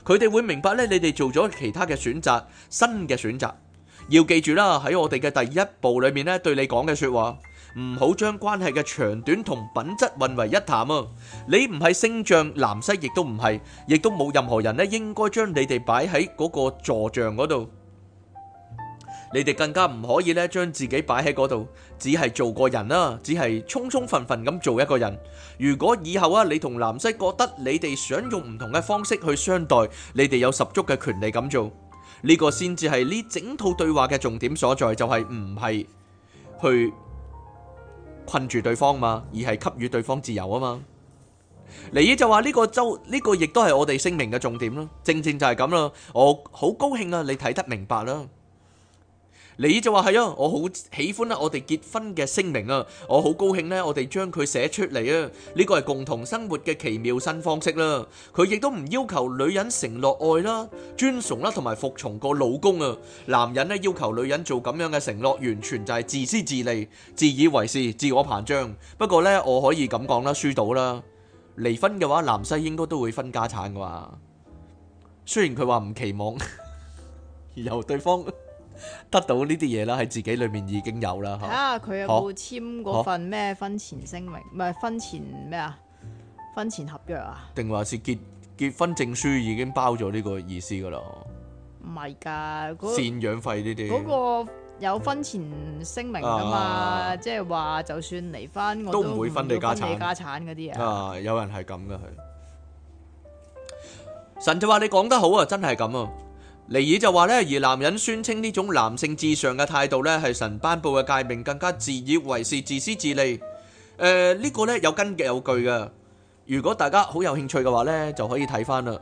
佢哋會明白咧你哋做咗其他嘅選擇，新嘅選擇。要記住啦，喺我哋嘅第一步裏面咧，對你講嘅說話，唔好將關係嘅長短同品質混為一談啊！你唔係星象南西，亦都唔係，亦都冇任何人咧，應該將你哋擺喺嗰個座像嗰度。你哋更加唔可以咧，將自己擺喺嗰度，只係做個人啦，只係充充分分咁做一個人。如果以後啊，你同南西覺得你哋想用唔同嘅方式去相待，你哋有十足嘅權利咁做。呢個先至係呢，整套對話嘅重點所在，就係唔係去困住對方嘛，而係給予對方自由啊嘛。尼爾就話呢個周呢，呢個亦都係我哋聲明嘅重點咯，正正就係咁啦。我好高興啊，你睇得明白啦。你就話係啊，我好喜歡咧，我哋結婚嘅聲明啊，我好高興呢。我哋將佢寫出嚟啊，呢個係共同生活嘅奇妙新方式啦，啊。佢亦都唔要求女人承諾愛啦、尊崇啦同埋服從個老公啊。男人咧要求女人做咁樣嘅承諾，完全就係自私自利、自以為是、自我膨脹。不過呢，我可以咁講啦，輸到啦，離婚嘅話，南西應該都會分家產啩嘛。雖然佢話唔期望， [laughs] 由對方。 [laughs] 得到呢啲嘢啦，喺自己裏面已經有啦吓。睇下佢有冇簽嗰份咩婚前聲明？唔係、啊、婚前咩啊？婚前合約啊？定話是結結婚證書已經包咗呢個意思噶啦？唔係噶，贍養費呢啲。嗰個有婚前聲明噶嘛，啊即係話就算離婚我都唔會分你家產嗰啲嘢。啊，有人係咁噶，佢神就話你講得好啊，真係咁啊！尼爾就話咧，而男人宣稱呢種男性至上嘅態度咧，係神頒布嘅誡命更加自以為是，自私自利。誒，呢個咧有根嘅有據嘅。如果大家好有興趣嘅話咧，就可以睇返啦，《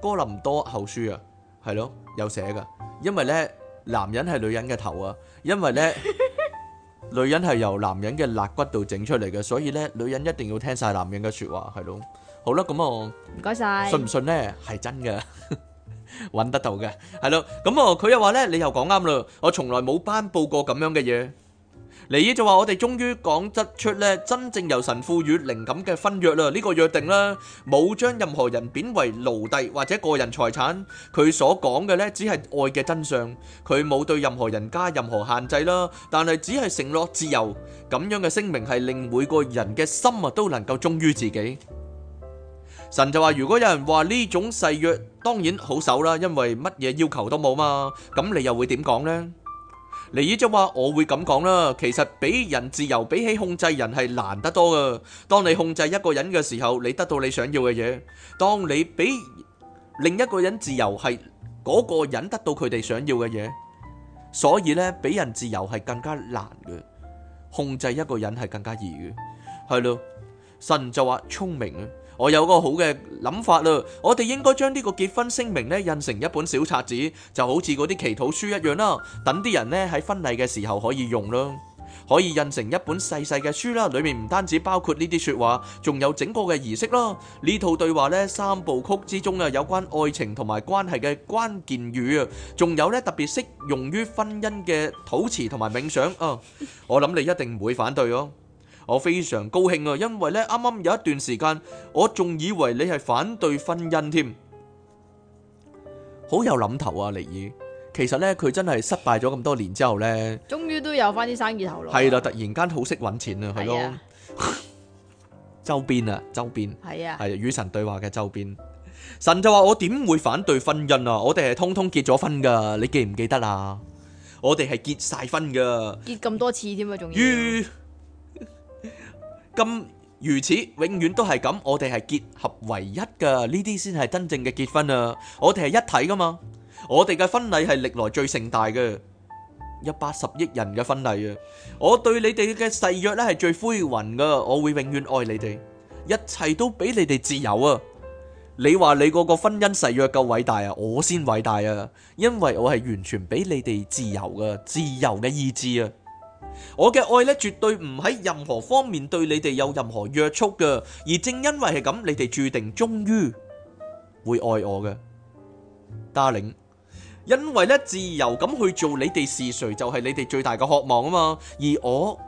哥林多後書》啊，係咯，有寫噶。因為咧，男人係女人嘅頭啊，因為咧，女人係由男人嘅肋骨度整出嚟嘅，所以咧，女人一定要聽晒男人嘅說話，係咯。好啦，咁哦，唔該晒，信唔信咧係真嘅，搵得到嘅係咯。咁哦，佢又話咧，你又講啱啦，我從來冇頒佈過咁樣嘅嘢。尼爾就話，我哋終於講得出咧，真正由神賦予靈感嘅婚約啦，呢個約定啦，冇將任何人貶為奴隸或者個人財產。佢所講嘅咧，只係愛嘅真相。佢冇對任何人加任何限制啦，但係只係承諾自由。咁樣嘅聲明係令每個人嘅心啊都能夠忠於自己。神就話：如果有人話呢種誓約當然好守啦，因為乜嘢要求都冇嘛。咁你又會點講呢？尼爾就話：我會咁講啦。其實俾人自由比起控制人係難得多㗎。當你控制一個人嘅時候，你得到你想要嘅嘢；當你俾另一個人自由，係嗰個人得到佢哋想要嘅嘢。所以呢，俾人自由係更加難嘅，控制一個人係更加易嘅，係囉。神就話：聰明！我有個好嘅諗法啦，我哋應該將呢個結婚聲明咧印成一本小冊子，就好似嗰啲祈禱書一樣啦。等啲人咧喺婚禮嘅時候可以用啦，可以印成一本細細嘅書啦。裡面唔單止包括呢啲説話，仲有整個嘅儀式啦。呢套對話呢，三部曲之中啊，有關愛情同埋關係嘅關鍵語啊，仲有呢特別適用於婚姻嘅禱詞同埋冥想啊、哦。我諗你一定唔會反對哦。我非常高興啊，因為呢，啱啱有一段時間，我仲以為你係反對婚姻添，好有諗頭啊，尼爾。其實呢，佢真係失敗咗咁多年之後呢，終於都有翻啲生意頭咯。係啦，突然間好識搵錢啊，係咯周邊啊，周邊係啊，係與神對話嘅周邊。神就話：我點會反對婚姻啊？我哋係通通結咗婚噶，你記唔記得啊？我哋係結晒婚噶，結咁多次添啊，仲要。咁如此，永遠都係咁，我哋係結合唯一噶，呢啲先係真正嘅結婚啊！我哋係一體噶嘛，我哋嘅婚禮係歷來最盛大嘅，一百十億人嘅婚禮啊！我對你哋嘅誓約呢係最灰云噶，我會永遠愛你哋，一切都俾你哋自由啊！你話你嗰個婚姻誓約夠偉大啊？我先偉大啊！因為我係完全俾你哋自由噶，自由嘅意志啊！我嘅愛咧，絕對唔喺任何方面對你哋有任何約束嘅，而正因為係咁，你哋注定終於會愛我嘅，Darling。因為咧，自由咁去做你哋是誰就係你哋最大嘅渴望啊嘛，而我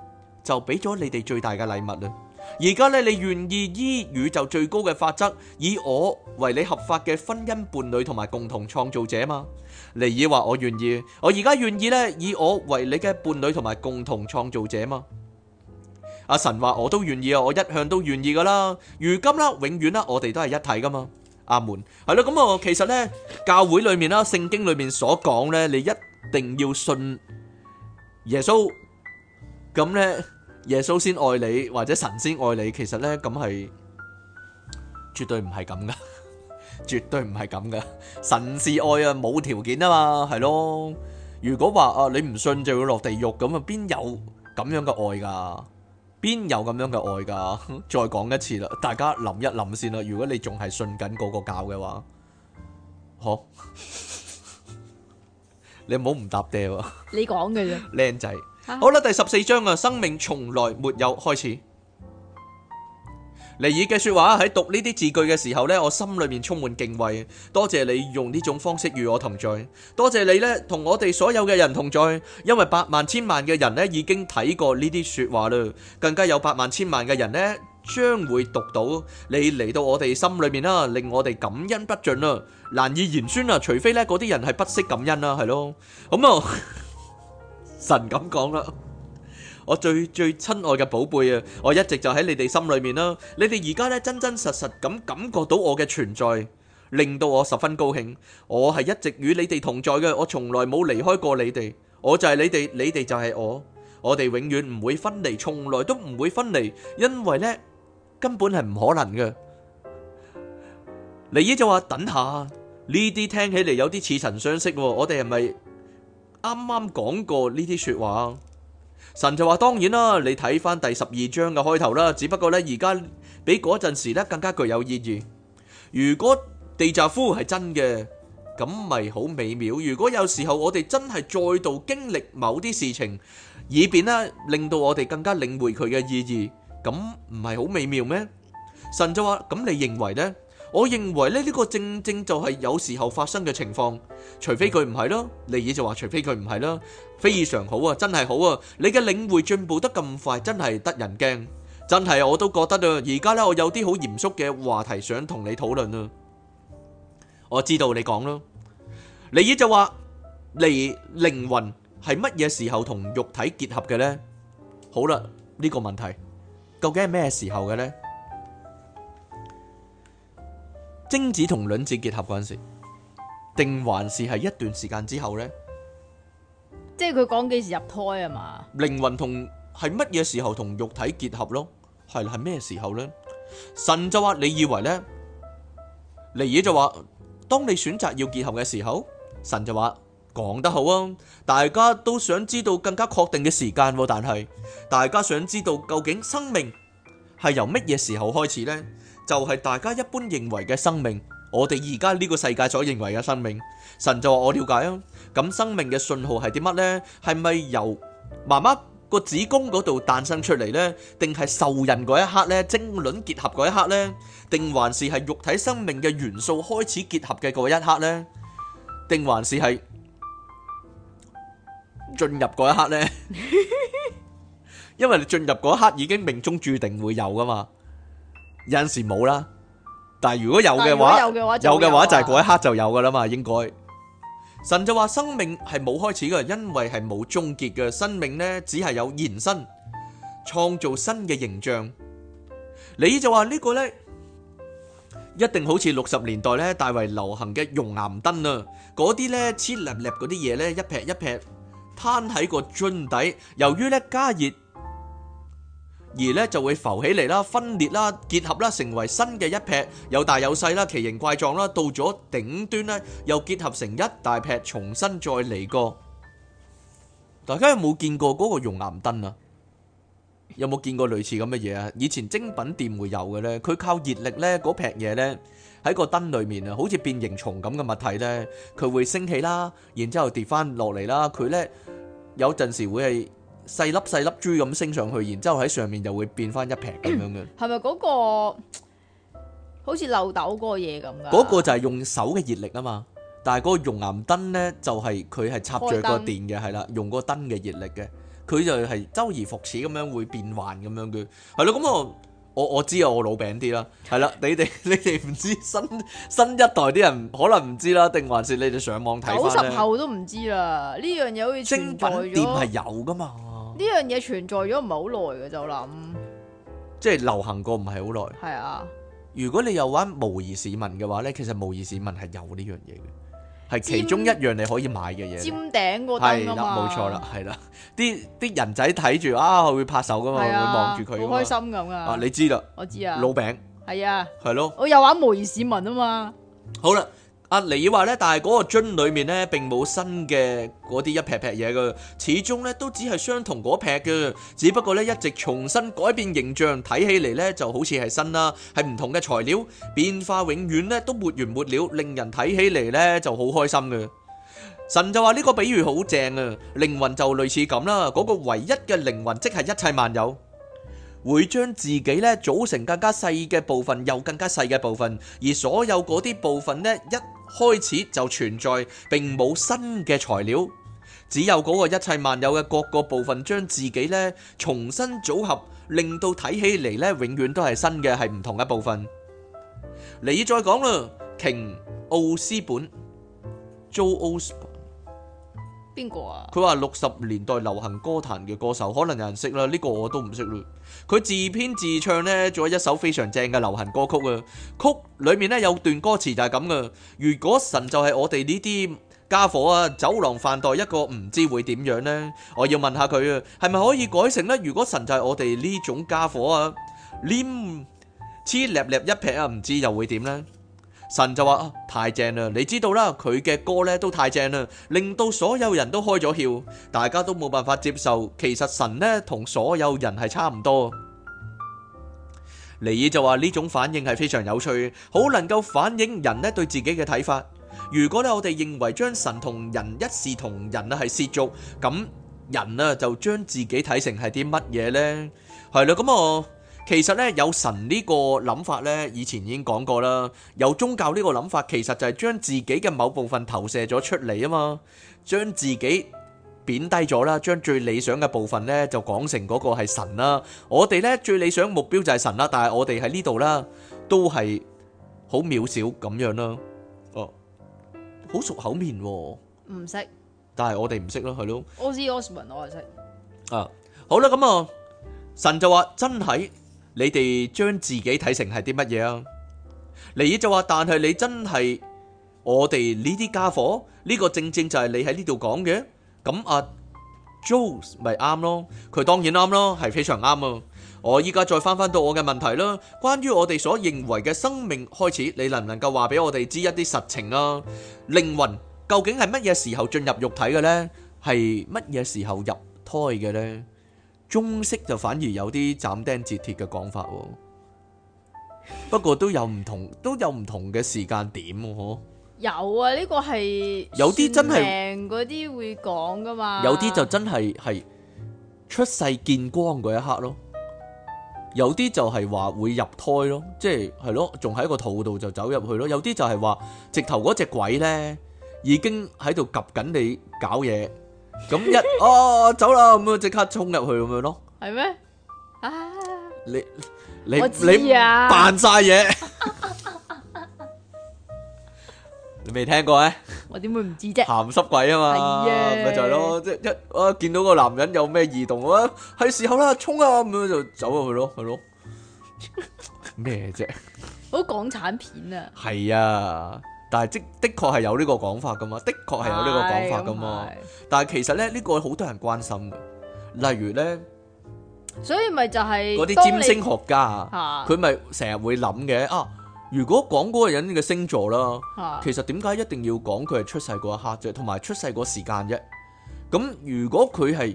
就俾咗你哋最大嘅禮物啦。而家咧，你願意依宇宙最高嘅法則，以我為你合法嘅婚姻伴侶同埋共同創造者嘛？尼爾話，我願意，我而家願意咧，以我為你嘅伴侶同埋共同創造者嘛？阿神話，我都願意啊，我一向都願意噶啦，如今啦，永遠啦，我哋都係一體噶嘛。阿門，係咯。咁啊，其實咧，教會裏面啦，聖經裏面所講咧，你一定要信耶穌，咁咧耶穌先愛你，或者神先愛你，其實咧，咁係絕對唔係咁噶。絕對唔係咁噶，神是愛啊，冇條件啊嘛，係咯。如果話啊你唔信就會落地獄咁啊，邊有咁樣嘅愛噶？邊有咁樣嘅愛噶？再講一次啦，大家諗一諗先啦。如果你仲係信緊嗰個教嘅話，好，你唔好唔答爹。你講嘅啫。靚仔，好啦，第十四章啊，生命從來沒有開始。尼爾嘅說話喺讀呢啲字句嘅時候呢，我心裏面充滿敬畏。多謝你用呢種方式與我同在，多謝你呢同我哋所有嘅人同在，因為百萬千萬嘅人呢已經睇過呢啲說話啦，更加有百萬千萬嘅人呢將會讀到你嚟到我哋心裏面啦，令我哋感恩不盡啦，難以言宣啊！除非呢嗰啲人係不識感恩啦，係咯，咁、嗯、啊 [laughs] 神咁講啦。我最最親愛嘅寶貝啊！我一直就喺你哋心裏面啦。你哋而家咧真真實實咁感覺到我嘅存在，令到我十分高興。我係一直與你哋同在嘅，我從來冇離開過你哋。我就係你哋，你哋就係我。我哋永遠唔會分離，從來都唔會分離，因為呢，根本係唔可能嘅。尼爾就話：等下呢啲聽起嚟有啲似曾相識，我哋係咪啱啱講過呢啲說話？神就話，當然啦，你睇返第十二章嘅開頭啦，只不過呢，而家，非常好啊，真係好啊！你嘅領會進步得咁快，真係得人驚，真係我都覺得啊！而家呢，我有啲好嚴肅嘅話題想同你討論啊！我知道你講咯，尼爾就話，你靈魂係乜嘢時候同肉體結合嘅呢？好啦，呢個問題，究竟係咩時候嘅呢？精子同卵子結合嗰陣時，定還是係一段時間之後呢？即係佢講幾時入胎啊嘛？靈魂同係乜嘢時候同肉體結合咯？係啦，係咩時候呢？神就話，你以為呢？」尼爾就話，當你選擇要結合嘅時候，神就話，講得好啊！大家都想知道更加確定嘅時間，啊，但係大家想知道究竟生命係由乜嘢時候開始呢？就係、是、大家一般認為嘅生命，我哋而家呢個世界所認為嘅生命，神就話，我了解啊。咁生命嘅信號係啲乜呢？係咪由媽媽個子宮嗰度誕生出嚟呢？定係受孕嗰一刻呢？精卵結合嗰一刻呢？定還是係肉體生命嘅元素開始結合嘅嗰一刻呢？定還是係進入嗰一刻呢？因為你進入嗰一刻已經命中注定會有噶嘛，有陣時冇啦，但係如果有嘅話，有嘅話就係嗰一刻就有噶啦嘛，應該。神就話生命係冇開始嘅，因為係冇終結嘅。生命咧只係有延伸，創造新嘅形象。你就話呢個咧，一定好似六十年代咧大為流行嘅熔岩燈啊！嗰啲咧黐粒粒嗰啲嘢咧，一劈一劈攤喺個樽底，由於咧加熱。而咧就會浮起嚟啦，分裂啦，結合啦，成為新嘅一劈，有大有細啦，奇形怪狀啦，到咗頂端咧又結合成一大劈，重新再嚟過。大家有冇見過嗰個熔岩燈啊？有冇見過類似咁嘅嘢啊？以前精品店會有嘅咧，佢靠熱力咧，嗰劈嘢咧喺個燈裏面啊，好似變形蟲咁嘅物體咧，佢會升起啦，然之後跌翻落嚟啦，佢咧有陣時會係。細粒細粒珠咁升上去，然之後喺上面就會變翻一撇咁樣嘅。係咪嗰個好似漏斗嗰個嘢咁噶？嗰個就係用手嘅熱力啊嘛，但係嗰個熔岩燈咧就係佢係插著個電嘅，係啦燈，用個燈嘅熱力嘅，佢就係周而復始咁樣會變幻咁樣嘅。係咯，咁我我我知啊，我老餅啲啦，係啦， [laughs] 你哋你哋唔知新新一代啲人可能唔知啦，定還是你哋上網睇翻咧？九十後都唔知啦，呢樣嘢好似精品店係有噶嘛？呢樣嘢存在咗唔係好耐嘅就諗，即係流行過唔係好耐。係啊，如果你有玩模擬市民嘅話咧，其實模擬市民係有呢樣嘢嘅，係其中一樣你可以買嘅嘢。尖頂嗰啲啊，冇錯啦，係啦、啊，啲啲人仔睇住啊，佢會拍手噶嘛，啊、會望住佢，好開心咁啊。啊，你知啦，我知啊，老餅係啊，係、啊、咯，我又玩模擬市民啊嘛。好啦。阿你話咧，但係嗰個樽裏面咧，並冇新嘅嗰啲一撇撇嘢嘅，始終咧都只係相同嗰撇嘅，只不過咧一直重新改變形象，睇起嚟咧就好似係新啦，係唔同嘅材料，變化永遠咧都沒完沒了，令人睇起嚟咧就好開心嘅。神就話呢個比喻好正啊，靈魂就類似咁啦，嗰個唯一嘅靈魂，即係一切萬有，會將自己咧組成更加細嘅部分，又更加細嘅部分，而所有嗰啲部分咧一。開始就存在，並冇新嘅材料，只有嗰個一切萬有嘅各個部分將自己咧重新組合，令到睇起嚟咧永遠都係新嘅，係唔同嘅部分。你再講啦，瓊奧斯本，Joe 邊個啊？佢話六十年代流行歌壇嘅歌手，可能有人識啦，呢個我都唔識啦。佢自編自唱咧，做咗一首非常正嘅流行歌曲啊。曲裏面咧有段歌詞就係咁噶，如果神就係我哋呢啲家伙啊，酒囊飯袋一個，唔知會點樣咧？我要問下佢啊，係咪可以改成咧？如果神就係我哋呢種家伙啊，黏黐 𣲷𣲷 一撇啊，唔知又會點咧？神就話啊，太正啦！你知道啦，佢嘅歌咧都太正啦，令到所有人都開咗竅，大家都冇辦法接受。其實神咧同所有人係差唔多。尼爾就話呢種反應係非常有趣，好能夠反映人咧對自己嘅睇法。如果咧我哋認為將神同人一視同仁啊，係褻瀆，咁人啊就將自己睇成係啲乜嘢咧？係啦，咁啊。其實咧有神個呢個諗法咧，以前已經講過啦。有宗教呢個諗法，其實就係將自己嘅某部分投射咗出嚟，啊嘛，將自己貶低咗啦，將最理想嘅部分咧就講成嗰個係神啦。我哋咧最理想目標就係神啦，但係我哋喺呢度啦，都係好渺小咁樣啦、啊。哦、啊，好熟口面、啊，唔識懂。但係我哋唔識咯，係咯。奧斯奧斯文我係識。我啊，好啦，咁、嗯、啊，神就話真係。你哋將自己睇成係啲乜嘢啊？尼爾就話，但係你真係我哋呢啲家伙呢、呢個正正就係你喺呢度講嘅。咁阿 Joseph 咪啱咯，佢、啊、當然啱啦，係非常啱啊！我依家再翻翻到我嘅問題啦，關於我哋所認為嘅生命開始，你能唔能夠話俾我哋知一啲實情啊？靈魂究竟係乜嘢時候進入肉體嘅呢？係乜嘢時候入胎嘅呢？中式就反而有啲斬釘截鐵嘅講法，哦，不過都有唔同， [laughs] 都有唔同嘅時間點，哦，嗬。有啊，呢，這個係有啲真係平啲會講噶嘛。有啲就真係係出世見光嗰一刻咯，有啲就係話會入胎咯，即係係咯，仲喺個肚度就走入去咯。有啲就係話直頭嗰隻鬼呢，已經喺度夾緊你搞嘢。咁一哦，走啦咁樣即刻衝入去咁樣咯，係咩？啊！你你你扮晒嘢，你未聽過咩？我點會唔知啫？鹹濕鬼啊嘛，咪就係咯，即一我見到個男人有咩異動啊，係時候啦，衝啊咁樣就走咗去咯，係咯？咩啫？好港產片啊！係啊。但係，的確的確係有呢個講法噶嘛？的確係有呢個講法噶嘛？嗯、但係其實咧，呢、這個好多人關心嘅。例如咧，所以咪就係嗰啲占星學家啊，佢咪成日會諗嘅啊。如果講嗰個人嘅星座啦，啊、其實點解一定要講佢係出世嗰一刻啫，同埋出世嗰時間啫？咁如果佢係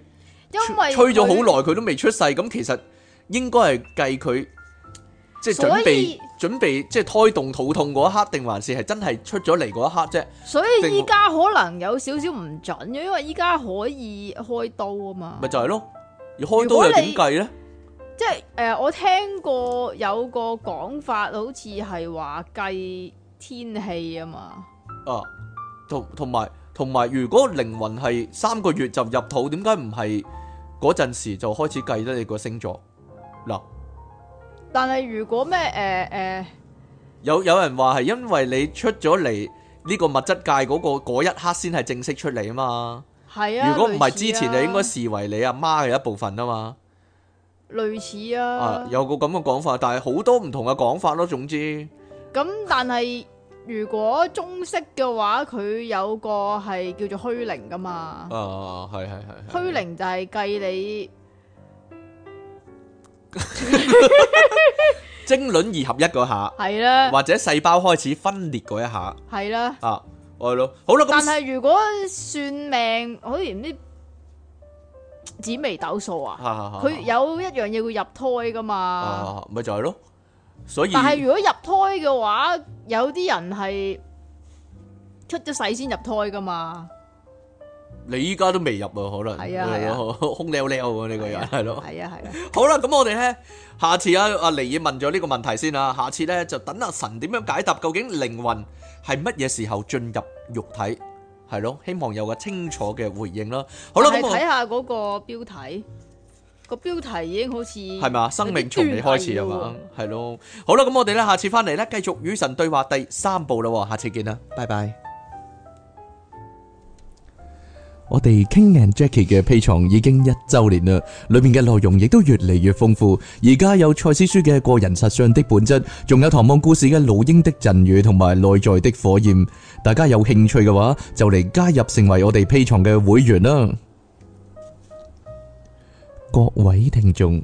因為吹咗好耐，佢都未出世，咁其實應該係計佢。即係準備以準備即係胎動肚痛嗰一刻，定還是係真係出咗嚟嗰一刻啫？所以依家可能有少少唔準嘅，因為依家可以開刀啊嘛。咪就係咯，而開刀又點計咧？即係誒、呃，我聽過有個講法，好似係話計天氣啊嘛。啊，同同埋同埋，如果靈魂係三個月就入肚，點解唔係嗰陣時就開始計得你個星座嗱？但係如果咩誒誒，有有人話係因為你出咗嚟，呢個物質界嗰個嗰一刻先係正式出嚟啊嘛。係啊。如果唔係之前就應該視為你阿媽嘅一部分啊嘛。類似啊。啊，有個咁嘅講法，但係好多唔同嘅講法咯，啊。總之。咁但係如果中式嘅話，佢有個係叫做虛靈噶嘛。啊，係係係。虛靈就係計你。 [laughs] 精卵二合一嗰下，係啦，或者細胞開始分裂嗰一下，係啦，啊，係咯，好啦，但係如果算命，好似啲紫微斗數啊，佢、啊啊啊啊、有一樣嘢會入胎噶嘛，咪、啊啊啊、就係咯，所以但係如果入胎嘅話，有啲人係出咗世先入胎噶嘛。你依家都未入啊，可能空撩撩喎呢個人，係咯。係啊，係啊。好啦，咁我哋咧，下次阿阿尼爾問咗呢個問題先啦。下次咧就等阿神點樣解答，究竟靈魂係乜嘢時候進入肉體，係咯。希望有個清楚嘅回應啦。好啦，咁睇下嗰個標題，個標題已經好似係咪，生命從未開始啊嘛，係咯。好啦，咁我哋咧，下次翻嚟咧，繼續與神對話第三部啦。下次見啦，拜拜。我哋 King and Jackie 嘅 Patreon 已經一周年啦，裏面嘅內容亦都越嚟越豐富。而家有賽斯書嘅個人實相的本質，仲有唐望故事嘅老鷹的贈予同埋內在的火焰。大家有興趣嘅話，就嚟加入成為我哋 Patreon 嘅會員啦。各位聽眾，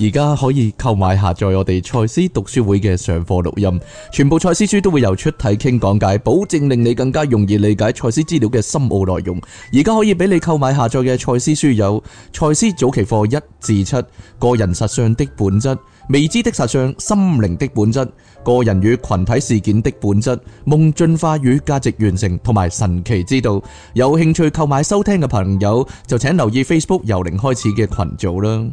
而家可以購買下載我哋賽斯讀書會嘅上課錄音，全部賽斯書都會由出體傾講解，保證令你更加容易理解賽斯資料嘅深奧內容。而家可以俾你購買下載嘅賽斯書有《賽斯早期課一至七》、《個人實相的本質》。未知的實相、心靈的本質、個人與群體事件的本質、夢進化與價值完成同埋神奇之道。有興趣購買收聽嘅朋友，就請留意 Facebook 由零開始嘅群組啦。